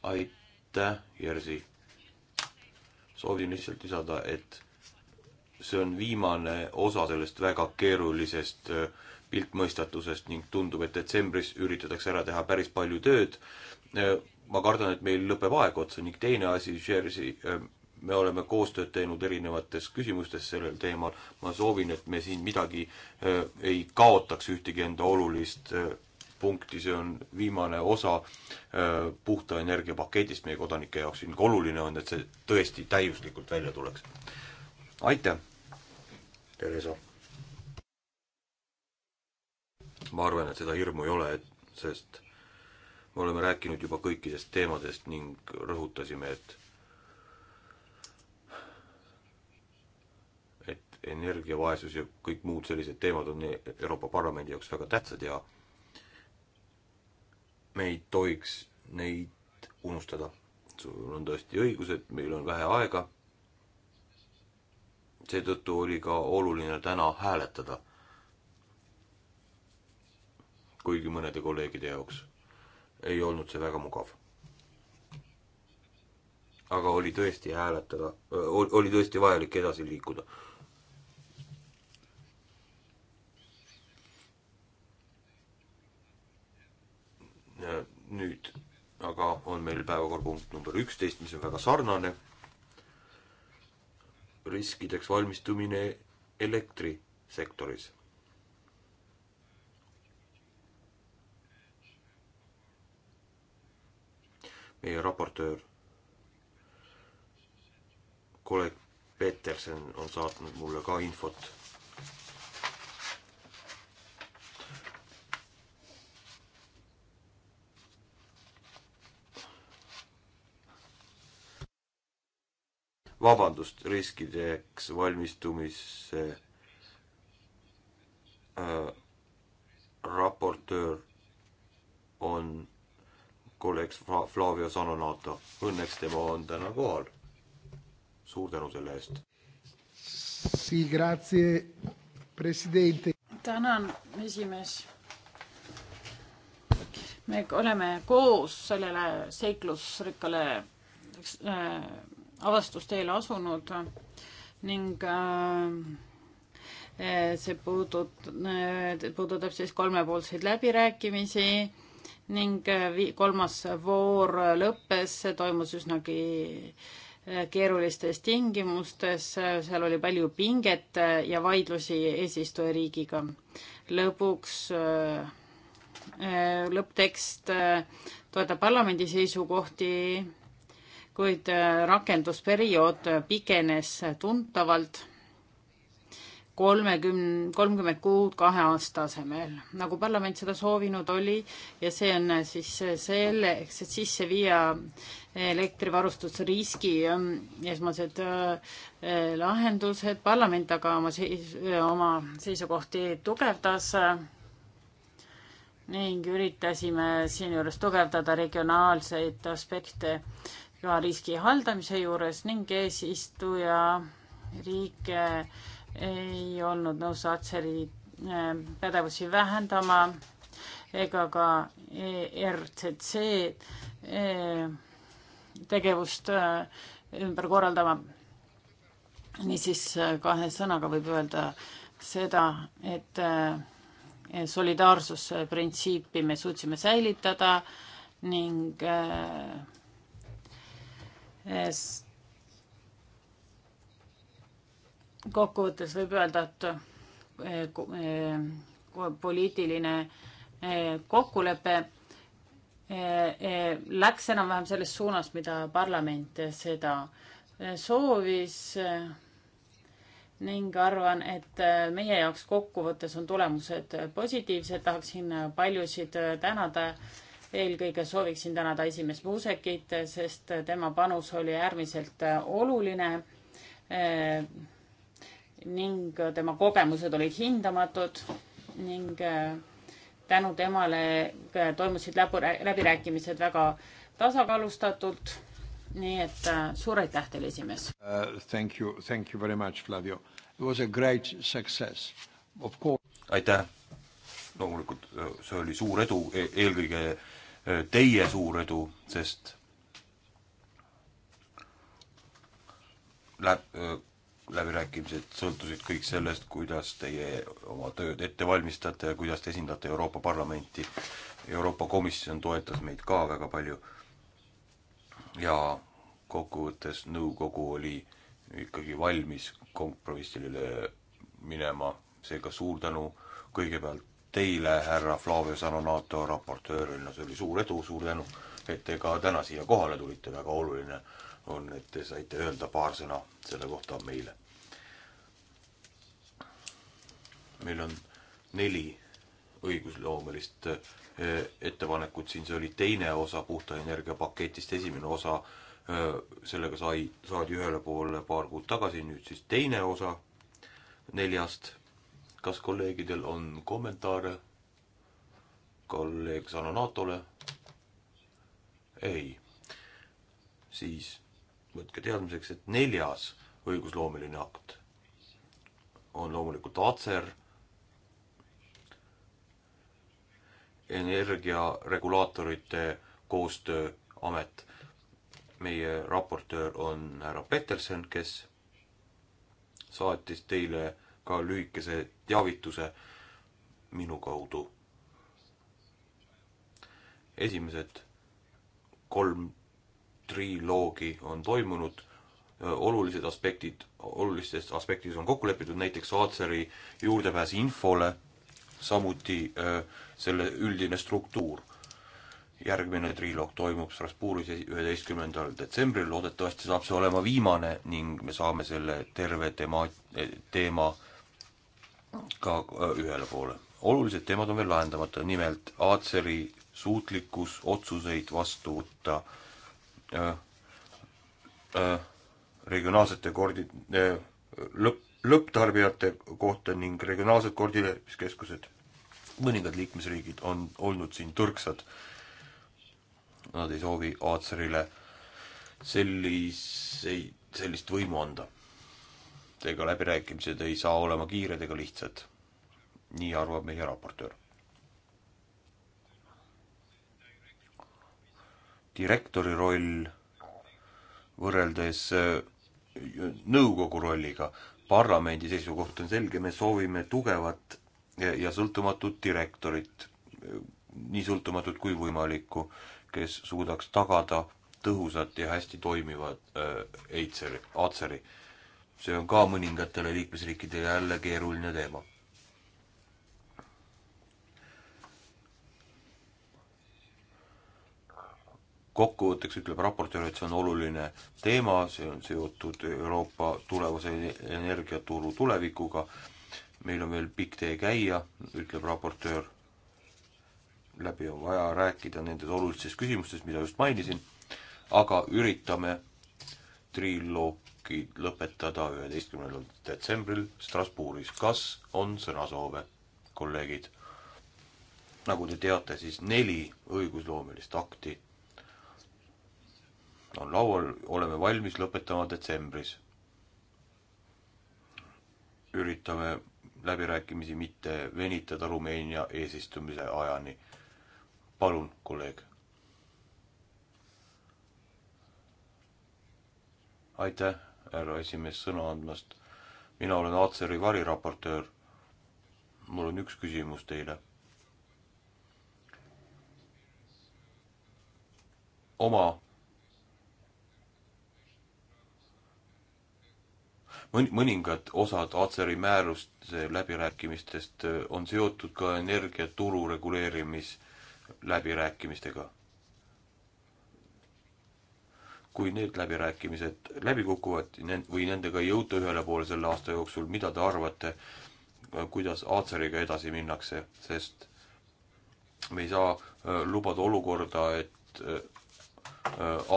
aitäh, Jerzy. soovin lihtsalt lisada, et see on viimane osa sellest väga keerulisest äh, piltmõistatusest ning tundub, et detsembris üritatakse ära teha päris palju tööd. Äh, ma kardan, et meil lõpeb aeg otsa ning teine asi, Jerzy, äh, me oleme koostööd teinud erinevates küsimustes sellel teemal, ma soovin, et me siin midagi äh, ei kaotaks, ühtegi enda olulist äh, punkti, see on viimane osa äh, puhta energia paketist meie kodanike jaoks ning oluline on, et see tõesti täiuslikult välja tuleks. aitäh, Theresa! ma arvan, et seda hirmu ei ole, et sest me oleme rääkinud juba kõikidest teemadest ning rõhutasime, et energiavaesus ja kõik muud sellised teemad on Euroopa Parlamendi jaoks väga tähtsad ja me ei tohiks neid unustada. sul on tõesti õigus, et meil on vähe aega. seetõttu oli ka oluline täna hääletada. kuigi mõnede kolleegide jaoks ei olnud see väga mugav aga oli tõesti hääletada, oli tõesti vajalik edasi liikuda. nüüd aga on meil päevakorrapunkt number üksteist, mis on väga sarnane. riskideks valmistumine elektrisektoris. meie raportöör kolleeg Peterson on saatnud mulle ka infot vabandust, riskideks valmistumise äh, raportöör on kolleeg Flavio Sanonato. Õnneks tema on täna kohal. suur tänu selle eest. Sì, grazie presidente. tänan, esimees. me oleme koos sellele seiklusrikkale äh, avastusteele asunud ning äh, äh, see puudut-, äh, puudutab siis kolmepoolseid läbirääkimisi ning kolmas voor lõppes, see toimus üsnagi keerulistes tingimustes, seal oli palju pinget ja vaidlusi eesistujariigiga. lõpuks lõpptekst toetab parlamendi seisukohti kuid äh, rakendusperiood äh, pikenes äh, tuntavalt kolmekümne, kolmkümmend kuud kahe aasta asemel, nagu parlament seda soovinud oli ja see on siis selleks, et sisse viia elektrivarustusriski ähm, esmased lahendused, parlament aga oma seis-, oma seisukohti tugevdas ning üritasime siinjuures tugevdada regionaalseid aspekte ka riski haldamise juures ning eesistuja riik ei olnud nõus Atseri äh, pädevusi vähendama ega ka e RCC äh, tegevust äh, ümber korraldama. niisiis kahe sõnaga võib öelda seda, et solidaarsusprintsiipi me suutsime säilitada ning kokkuvõttes võib öelda, et eh, eh, poliitiline eh, kokkulepe läks enam-vähem selles suunas, mida parlament seda soovis ning arvan, et meie jaoks kokkuvõttes on tulemused positiivsed. tahaksin paljusid tänada eelkõige sooviksin tänada esimees Muusekit, sest tema panus oli äärmiselt äh, oluline äh, ning tema kogemused olid hindamatud ning äh, tänu temale toimusid läbirääkimised väga tasakaalustatult. nii et suur aitäh teile, esimees uh,! Thank you, thank you very much, Flavio. It was a great success, of course. aitäh! loomulikult see oli suur edu e, eelkõige Äh, teie suur edu, sest läheb äh, läbirääkimised sõltusid kõik sellest, kuidas teie oma tööd ette valmistate ja kuidas te esindate Euroopa Parlamenti. Euroopa Komisjon toetas meid ka väga palju. ja kokkuvõttes nõukogu oli ikkagi valmis kompromissile minema, seega suur tänu kõigepealt teile, härra Flavio Sanonato raportöörina, see oli suur edu, suur tänu, et te ka täna siia kohale tulite, väga oluline on, et te saite öelda paar sõna selle kohta meile. meil on neli õigusloomelist eh, ettepanekut siin, see oli teine osa puhta energia paketist, esimene osa eh, sellega sai, saadi ühele poole paar kuud tagasi, nüüd siis teine osa neljast kas kolleegidel on kommentaare kolleeg Sanonatole? ei. siis võtke teadmiseks, et neljas õigusloomeline akt on loomulikult ACER, energiaregulaatorite koostööamet. meie raportöör on härra Peterson, kes saatis teile ka lühikese teavituse minu kaudu. esimesed kolm triloogi on toimunud, olulised aspektid, olulistes aspektides on kokku lepitud, näiteks Aatseri juurdepääs infole, samuti öö, äh, selle üldine struktuur. järgmine triloog toimub Strasbourgis üheteistkümnendal detsembril, loodetavasti saab see olema viimane ning me saame selle terve tema, teema, teema ka äh, ühele poole. olulised teemad on veel lahendamata, nimelt Aatseri suutlikkus otsuseid vastu võtta äh, äh, regionaalsete koordi- äh,, lõpp, lõpptarbijate kohta ning regionaalsed koordineerimiskeskused. mõningad liikmesriigid on olnud siin tõrksad. Nad ei soovi Aatserile selliseid, sellist võimu anda ega läbirääkimised ei saa olema kiired ega lihtsad. nii arvab meie raportöör. direktori roll võrreldes äh, nõukogu rolliga, parlamendi seisukoht on selge, me soovime tugevat ja sõltumatut direktorit, nii sõltumatut kui võimalikku, kes suudaks tagada tõhusat ja hästi toimivat äh, Eitser, Atseri äh, see on ka mõningatele liikmesriikidele jälle keeruline teema. kokkuvõtteks ütleb raportöör, et see on oluline teema, see on seotud Euroopa tulevase energiaturu tulevikuga, meil on veel pikk tee käia, ütleb raportöör, läbi on vaja rääkida nendes olulistes küsimustes, mida just mainisin, aga üritame triloog istungid lõpetada üheteistkümnendal detsembril Strasbourgis. kas on sõnasoove, kolleegid? nagu te teate, siis neli õigusloomelist akti on laual, oleme valmis lõpetama detsembris. üritame läbirääkimisi mitte venitada Rumeenia eesistumise ajani. palun, kolleeg. aitäh härra esimees, sõna andmast. mina olen Atseri variraportöör. mul on üks küsimus teile. oma mõn-, mõningad osad Atseri määruste läbirääkimistest äh, on seotud ka energiaturu reguleerimisläbirääkimistega kui need läbirääkimised läbi kukuvad või nendega ei jõuta ühele poole selle aasta jooksul, mida te arvate, kuidas Aatseriga edasi minnakse, sest me ei saa äh, lubada olukorda, et äh,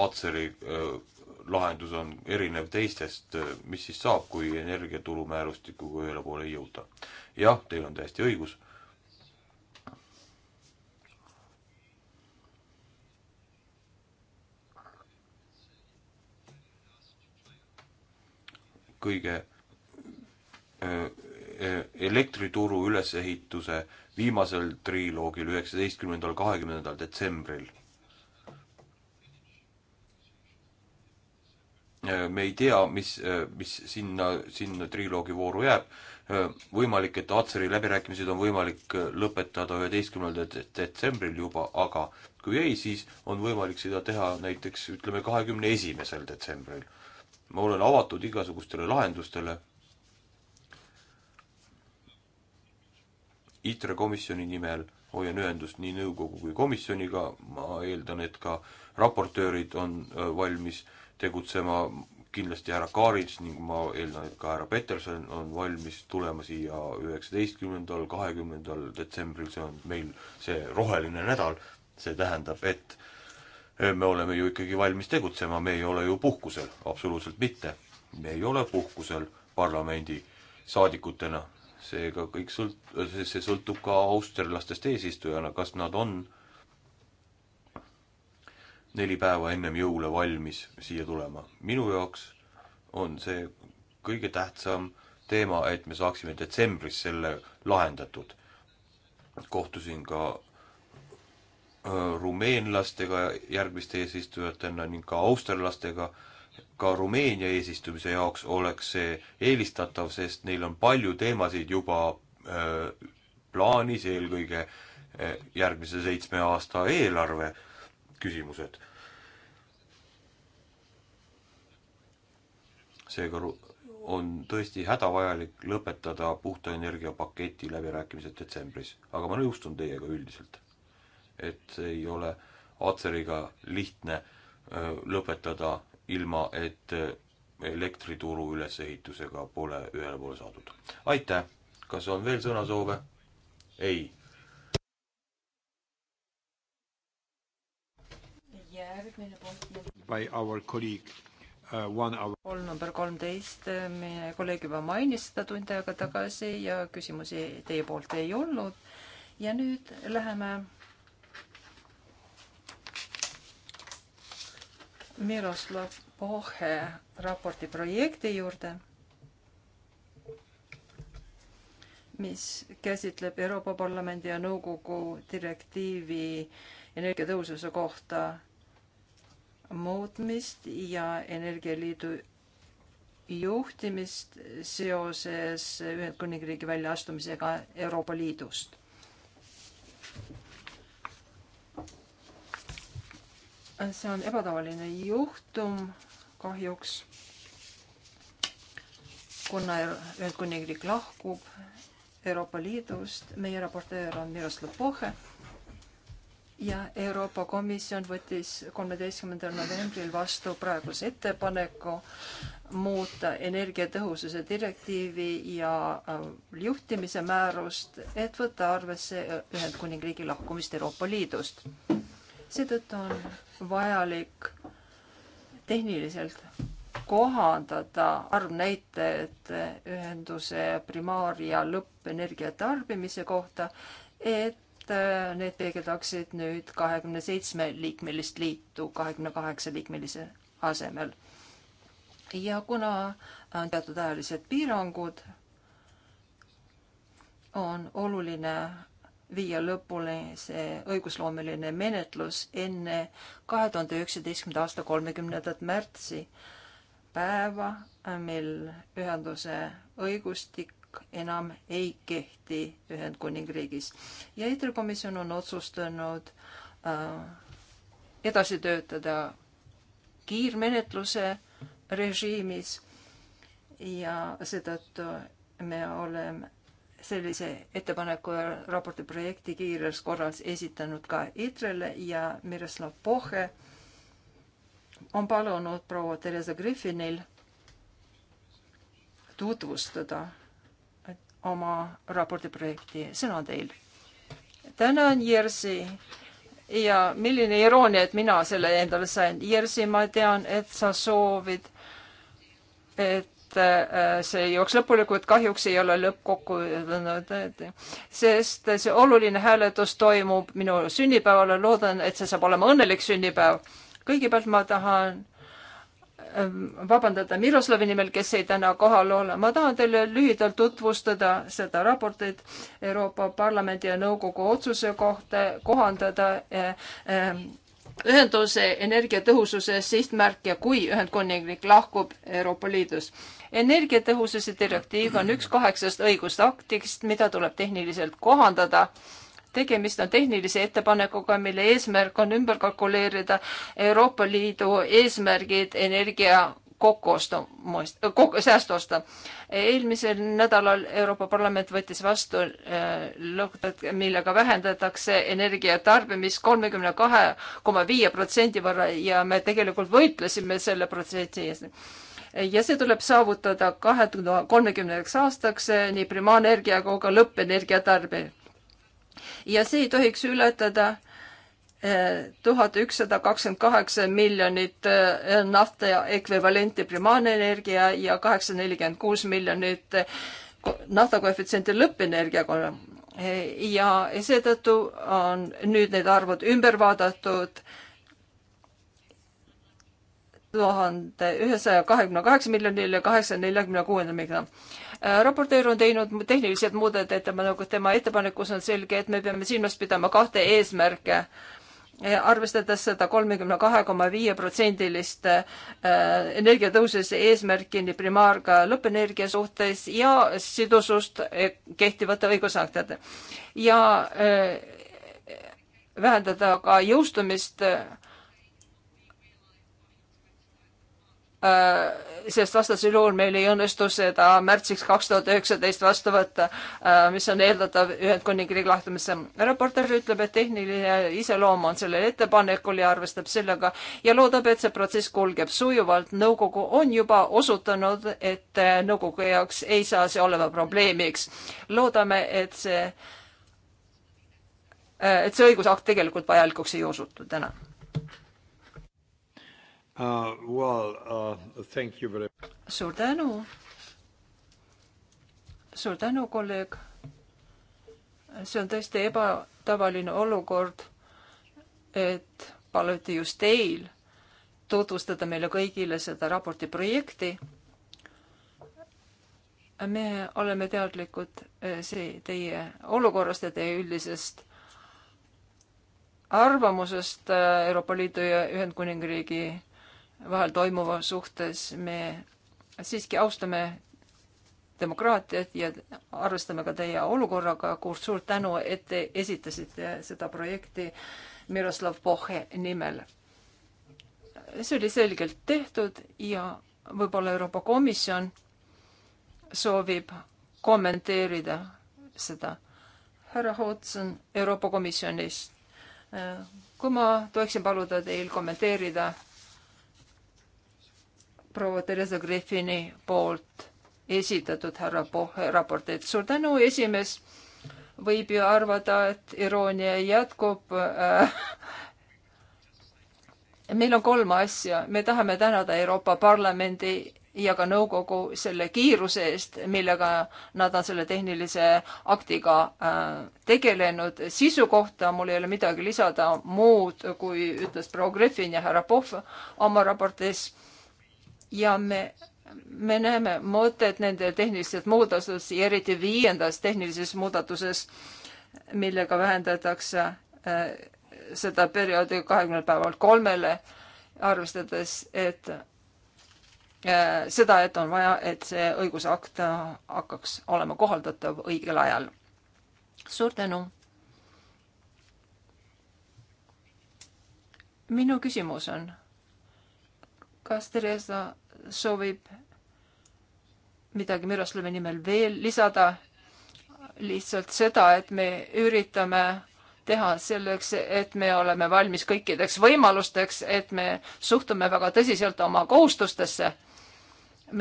Aatseri äh, lahendus on erinev teistest, mis siis saab, kui energiaturumäärustikuga ühele poole ei jõuta. jah, teil on täiesti õigus kõige äh, äh, elektrituru ülesehituse viimasel triloogil üheksateistkümnendal, kahekümnendal detsembril. Äh, me ei tea, mis, mis sinna, sinna triloogi vooru jääb. võimalik, et Atseri läbirääkimised on võimalik lõpetada üheteistkümnendal detsembril juba, aga kui ei, siis on võimalik seda teha näiteks ütleme, kahekümne esimesel detsembril ma olen avatud igasugustele lahendustele. ITRE komisjoni nimel hoian ühendust nii nõukogu kui komisjoniga, ma eeldan, et ka raportöörid on valmis tegutsema, kindlasti härra Kaarits ning ma eeldan, et ka härra Peterson on valmis tulema siia üheksateistkümnendal, kahekümnendal detsembril, see on meil see roheline nädal, see tähendab, et äh, me oleme ju ikkagi valmis tegutsema, me ei ole ju puhkusel, absoluutselt mitte. me ei ole puhkusel parlamendi saadikutena, seega kõik sõlt-, see sõltub ka austerlastest eesistujana, kas nad on neli päeva ennem jõule valmis siia tulema. minu jaoks on see kõige tähtsam teema, et me saaksime detsembris selle lahendatud. kohtusin ka Äh, rumeenlastega järgmiste eesistujatena ning ka austerlastega, ka Rumeenia eesistumise jaoks oleks see eelistatav, sest neil on palju teemasid juba äh, plaanis, eelkõige äh, järgmise seitsme aasta eelarve küsimused. seega on tõesti hädavajalik lõpetada puhta energia paketi läbirääkimised detsembris, aga ma nõustun teiega üldiselt et ei ole Atseriga lihtne lõpetada, ilma et elektrituru ülesehitusega pole ühele poole saadud. aitäh, kas on veel sõnasoove? ei. järgmine punkt. By our colleague uh, one hour. pool number kolmteist, äh, meie kolleeg juba mainis seda tund aega tagasi ja küsimusi teie poolt ei olnud. ja nüüd läheme Miroslav Pohe raporti projekti juurde, mis käsitleb Euroopa Parlamendi ja Nõukogu direktiivi energiatõhususe kohta muutmist ja Energialiidu juhtimist seoses Ühendkuningriigi väljaastumisega Euroopa Liidust see on ebatavaline juhtum kahjuks, kuna Ühendkuningriik lahkub Euroopa Liidust, meie raportöör on Miroslav Pohe ja Euroopa Komisjon võttis kolmeteistkümnendal novembril vastu praeguse ettepaneku muuta energiatõhususe direktiivi ja äh, juhtimise määrust, et võtta arvesse Ühendkuningriigi lahkumist Euroopa Liidust seetõttu on vajalik tehniliselt kohandada arvnäitajate ühenduse primaar- ja lõppenergia tarbimise kohta, et äh, need peegeldaksid nüüd kahekümne seitsme liikmelist liitu kahekümne kaheksa liikmelise asemel. ja kuna on äh, teatud ajalised piirangud, on oluline viia lõpule see õigusloomeline menetlus enne kahe tuhande üheksateistkümnenda aasta kolmekümnendat märtsi päeva, mil ühenduse õigustik enam ei kehti Ühendkuningriigis. ja ITRE komisjon on otsustanud äh, edasi töötada kiirmenetluse režiimis ja seetõttu me oleme sellise ettepaneku ja raporti projekti kiires korras esitanud ka ITRE-le ja Miroslav Pohe on palunud proua Theresa Griffinil tutvustada oma raporti projekti. sõna teil. tänan, Jerzy. ja milline iroonia, et mina selle endale sain. Jerzy, ma tean, et sa soovid, et Äh, see ei jõuaks lõpule, kuid kahjuks ei ole lõpp kokku jõudnud. sest see oluline hääletus toimub minu sünnipäeval ja loodan, et see saab olema õnnelik sünnipäev. kõigepealt ma tahan ähm, vabandada Miroslavi nimel, kes ei täna kohal ole. ma tahan teile lühidalt tutvustada seda raportit Euroopa Parlamendi ja Nõukogu otsuse kohta kohandada eh, eh, ühenduse energiatõhususe sihtmärk ja kui Ühendkuningriik lahkub Euroopa Liidus. energiatõhususe direktiiv on üks kaheksast õigusaktist, mida tuleb tehniliselt kohandada. tegemist on tehnilise ettepanekuga, mille eesmärk on ümber kalkuleerida Euroopa Liidu eesmärgid energia kokku osta, äh, kokku, säästu osta. eelmisel nädalal Euroopa Parlament võttis vastu äh, lõhked, millega vähendatakse energiatarbimist kolmekümne kahe koma viie protsendi võrra ja me tegelikult võitlesime selle protsessi eest ja see tuleb saavutada kahe tuhande kolmekümnendaks aastaks äh, nii primaarenergia kui ka lõppenergia tarbimine. ja see ei tohiks ületada tuhat ükssada kakskümmend kaheksa miljonit eh, nafta ekvivalenti primaarenergia ja kaheksasada nelikümmend kuus miljonit eh, nafta koefitsiendi lõppenergiaga. Eh, ja seetõttu on nüüd need arvud ümber vaadatud tuhande ühesaja kahekümne kaheksa miljonile kaheksasaja neljakümne kuuenda miljonile raportöör on teinud tehnilised muudatusettepanekud, nagu tema ettepanekus on selge, et me peame silmas pidama kahte eesmärke. Eh, arvestades seda kolmekümne kahe koma viie protsendilist eh, energiatõususe eesmärki nii primaar- ka lõppenergia suhtes ja sidusust eh, kehtivate õigusaktide ja vähendada ka jõustumist Äh, sest vastasel juhul meil ei õnnestu seda märtsiks kaks tuhat üheksateist vastu võtta, äh, mis on eeldatav Ühendkuningriigi lahtumise. reporter ütleb, et tehniline iseloom on sellel ettepanekul ja arvestab sellega ja loodab, et see protsess kulgeb sujuvalt. nõukogu on juba osutanud, et nõukogu jaoks ei saa see olema probleemiks. loodame, et see, äh, et see õigusakt tegelikult vajalikuks ei osutu. tänan Uh, well, uh, thank you very suur tänu. suur tänu, kolleeg. see on tõesti ebatavaline olukord, et paluti just teil tutvustada meile kõigile seda raporti projekti. me oleme teadlikud eh, see teie olukorrast ja teie üldisest arvamusest eh, Euroopa Liidu ja Ühendkuningriigi vahel toimuva suhtes me siiski austame demokraatiat ja arvestame ka teie olukorraga, kus suur tänu, et te esitasite seda projekti Miroslav Pohhe nimel. see oli selgelt tehtud ja võib-olla Euroopa Komisjon soovib kommenteerida seda. härra Hodson Euroopa Komisjonist, kui ma tohiksin paluda teil kommenteerida proua Theresa Griffini poolt esitatud härra Pohe raportit. suur tänu, esimees. võib ju arvata, et iroonia jätkub äh, meil on kolm asja, me tahame tänada Euroopa Parlamendi ja ka nõukogu selle kiiruse eest, millega nad on selle tehnilise aktiga äh, tegelenud. sisu kohta mul ei ole midagi lisada muud, kui ütles proua Griffin ja härra Pohv oma raportis ja me, me näeme mõtet nende tehnilistes muudatustes ja eriti viiendas tehnilises muudatuses, millega vähendatakse äh, seda perioodi kahekümnel päeval kolmele, arvestades, et äh, seda, et on vaja, et see õigusakt äh, hakkaks olema kohaldatav õigel ajal. suur tänu. minu küsimus on kas Theresa soovib midagi Miroslavi nimel veel lisada? lihtsalt seda, et me üritame teha selleks, et me oleme valmis kõikideks võimalusteks, et me suhtume väga tõsiselt oma kohustustesse.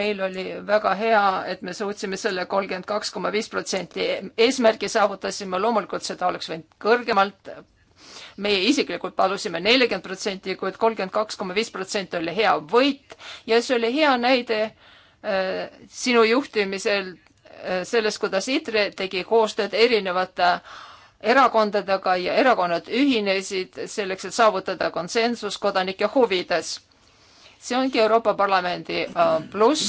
meil oli väga hea, et me suutsime selle kolmkümmend kaks koma viis protsenti eesmärgi saavutasime, loomulikult seda oleks võinud kõrgemalt meie isiklikult palusime nelikümmend protsenti, kuid kolmkümmend kaks koma viis protsenti oli hea võit ja see oli hea näide äh, sinu juhtimisel äh, sellest, kuidas ITRE tegi koostööd erinevate erakondadega ja erakonnad ühinesid selleks, et saavutada konsensus kodanike huvides. see ongi Euroopa Parlamendi äh, pluss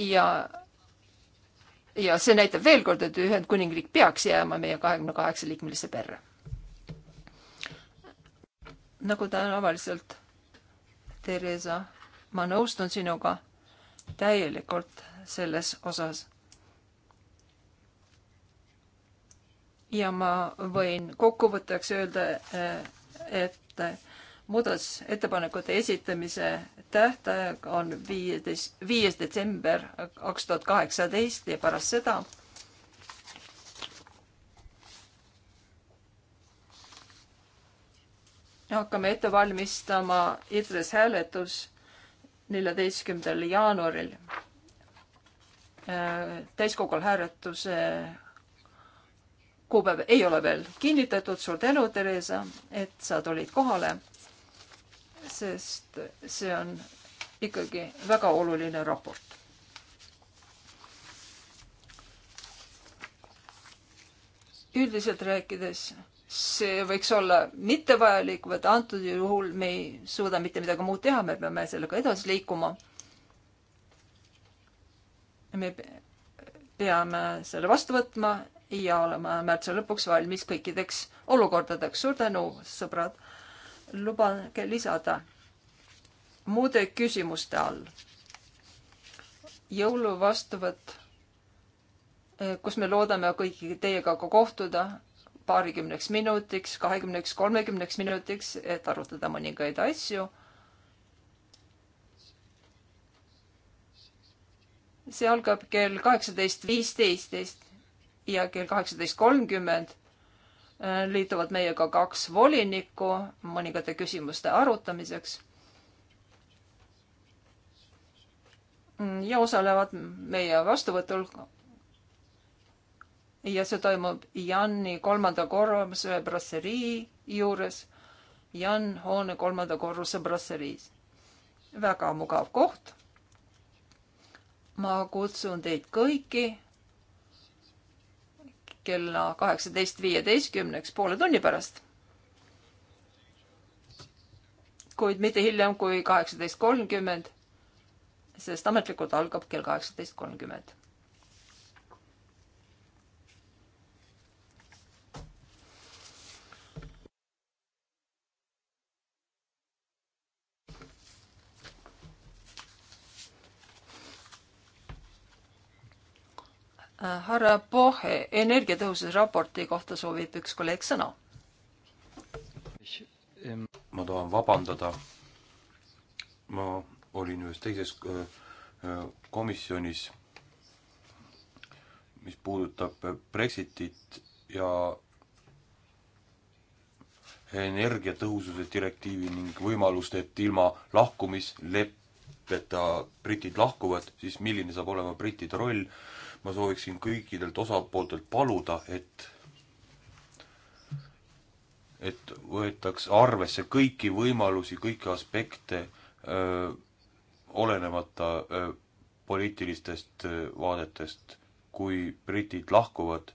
ja ja see näitab veel kord, et Ühendkuningriik peaks jääma meie kahekümne kaheksa liikmelisse perre nagu ta tavaliselt. Theresa, ma nõustun sinuga täielikult selles osas. ja ma võin kokkuvõtteks öelda, et muudatusettepanekute esitamise tähtaeg on viieteist, viies detsember kaks tuhat kaheksateist ja pärast seda hakkame ette valmistama ITRES hääletus neljateistkümnendal jaanuaril äh, täiskogul hääletuse kuupäev ei ole veel kinnitatud. suur tänu, Theresa, et sa tulid kohale, sest see on ikkagi väga oluline raport. üldiselt rääkides see võiks olla mittevajalik, vaid antud juhul me ei suuda mitte midagi muud teha, me peame sellega edasi liikuma. me peame selle vastu võtma ja olema märtsi lõpuks valmis kõikideks olukordadeks. suur tänu, sõbrad. lubage lisada muude küsimuste all. jõuluvastuvõtt, eh, kus me loodame kõigiga teiega ka kohtuda paarikümneks minutiks, kahekümneks, kolmekümneks minutiks, et arutada mõningaid asju. see algab kell kaheksateist viisteist ja kell kaheksateist kolmkümmend äh, liituvad meiega kaks volinikku mõningate küsimuste arutamiseks. Mm, ja osalevad meie vastuvõtul ja see toimub Janni kolmanda korruse brasserii juures. Jan hoone kolmanda korruse brasseriis. väga mugav koht. ma kutsun teid kõiki kella kaheksateist viieteistkümneks poole tunni pärast. kuid mitte hiljem kui kaheksateist kolmkümmend, sest ametlikult algab kell kaheksateist kolmkümmend härra Pohe energiatõhususe raporti kohta soovib üks kolleeg sõna. ma tahan vabandada. ma olin ühes teises äh, äh, komisjonis, mis puudutab Brexitit ja energiatõhususe direktiivi ning võimalust, et ilma lahkumisleppeta britid lahkuvad, siis milline saab olema brittide roll ma sooviksin kõikidelt osapooltelt paluda, et et võetaks arvesse kõiki võimalusi, kõiki aspekte, olenemata öö, poliitilistest öö, vaadetest. kui britid lahkuvad,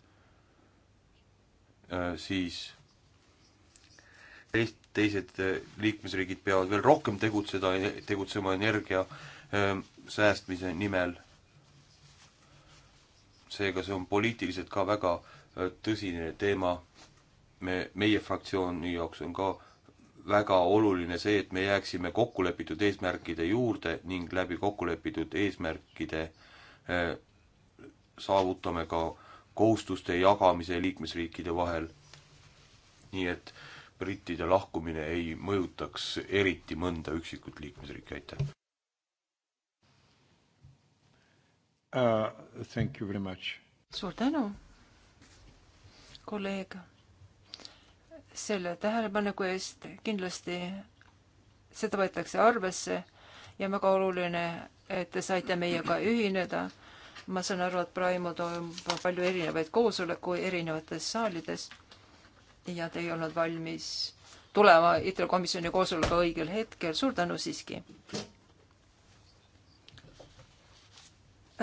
siis teist, teised liikmesriigid peavad veel rohkem tegutseda, tegutsema energia öö, säästmise nimel seega see on poliitiliselt ka väga äh, tõsine teema. me, meie fraktsiooni jaoks on ka väga oluline see, et me jääksime kokkulepitud eesmärkide juurde ning läbi kokkulepitud eesmärkide äh, saavutame ka kohustuste jagamise liikmesriikide vahel. nii et brittide lahkumine ei mõjutaks eriti mõnda üksikut liikmesriiki, aitäh. uh,. Thank you very much. suur tänu, kolleeg, selle tähelepaneku eest. kindlasti seda võetakse arvesse ja väga oluline, et te saite meiega ühineda. ma saan aru, et praegu toimub palju erinevaid koosolekuid erinevates saalides ja te ei olnud valmis tulema ITRE komisjoni koosoleku õigel hetkel. suur tänu siiski.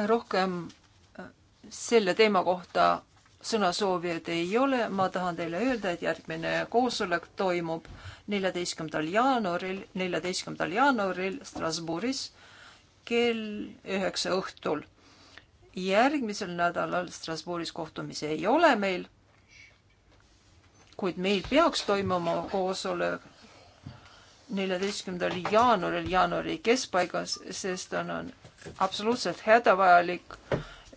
rohkem äh, selle teema kohta sõnasoovijaid ei ole, ma tahan teile öelda, et järgmine koosolek toimub neljateistkümnendal jaanuaril, neljateistkümnendal jaanuaril Strasbourgis kell üheksa õhtul. järgmisel nädalal Strasbourgis kohtumisi ei ole meil, kuid meil peaks toimuma koosolek neljateistkümnendal jaanuaril, jaanuari keskpaigas, sest on, on absoluutselt hädavajalik,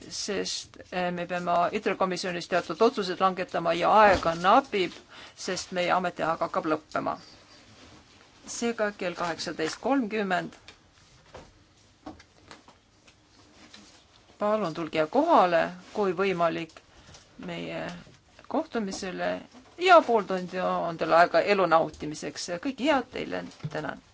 sest eh, me peame ITRE-komisjonis teatud otsused langetama ja aega napib, sest meie ametiaeg hakkab lõppema. seega kell kaheksateist kolmkümmend. palun tulge kohale, kui võimalik, meie kohtumisele ja pool tundi on teil aega elu nautimiseks. kõike head teile, tänan!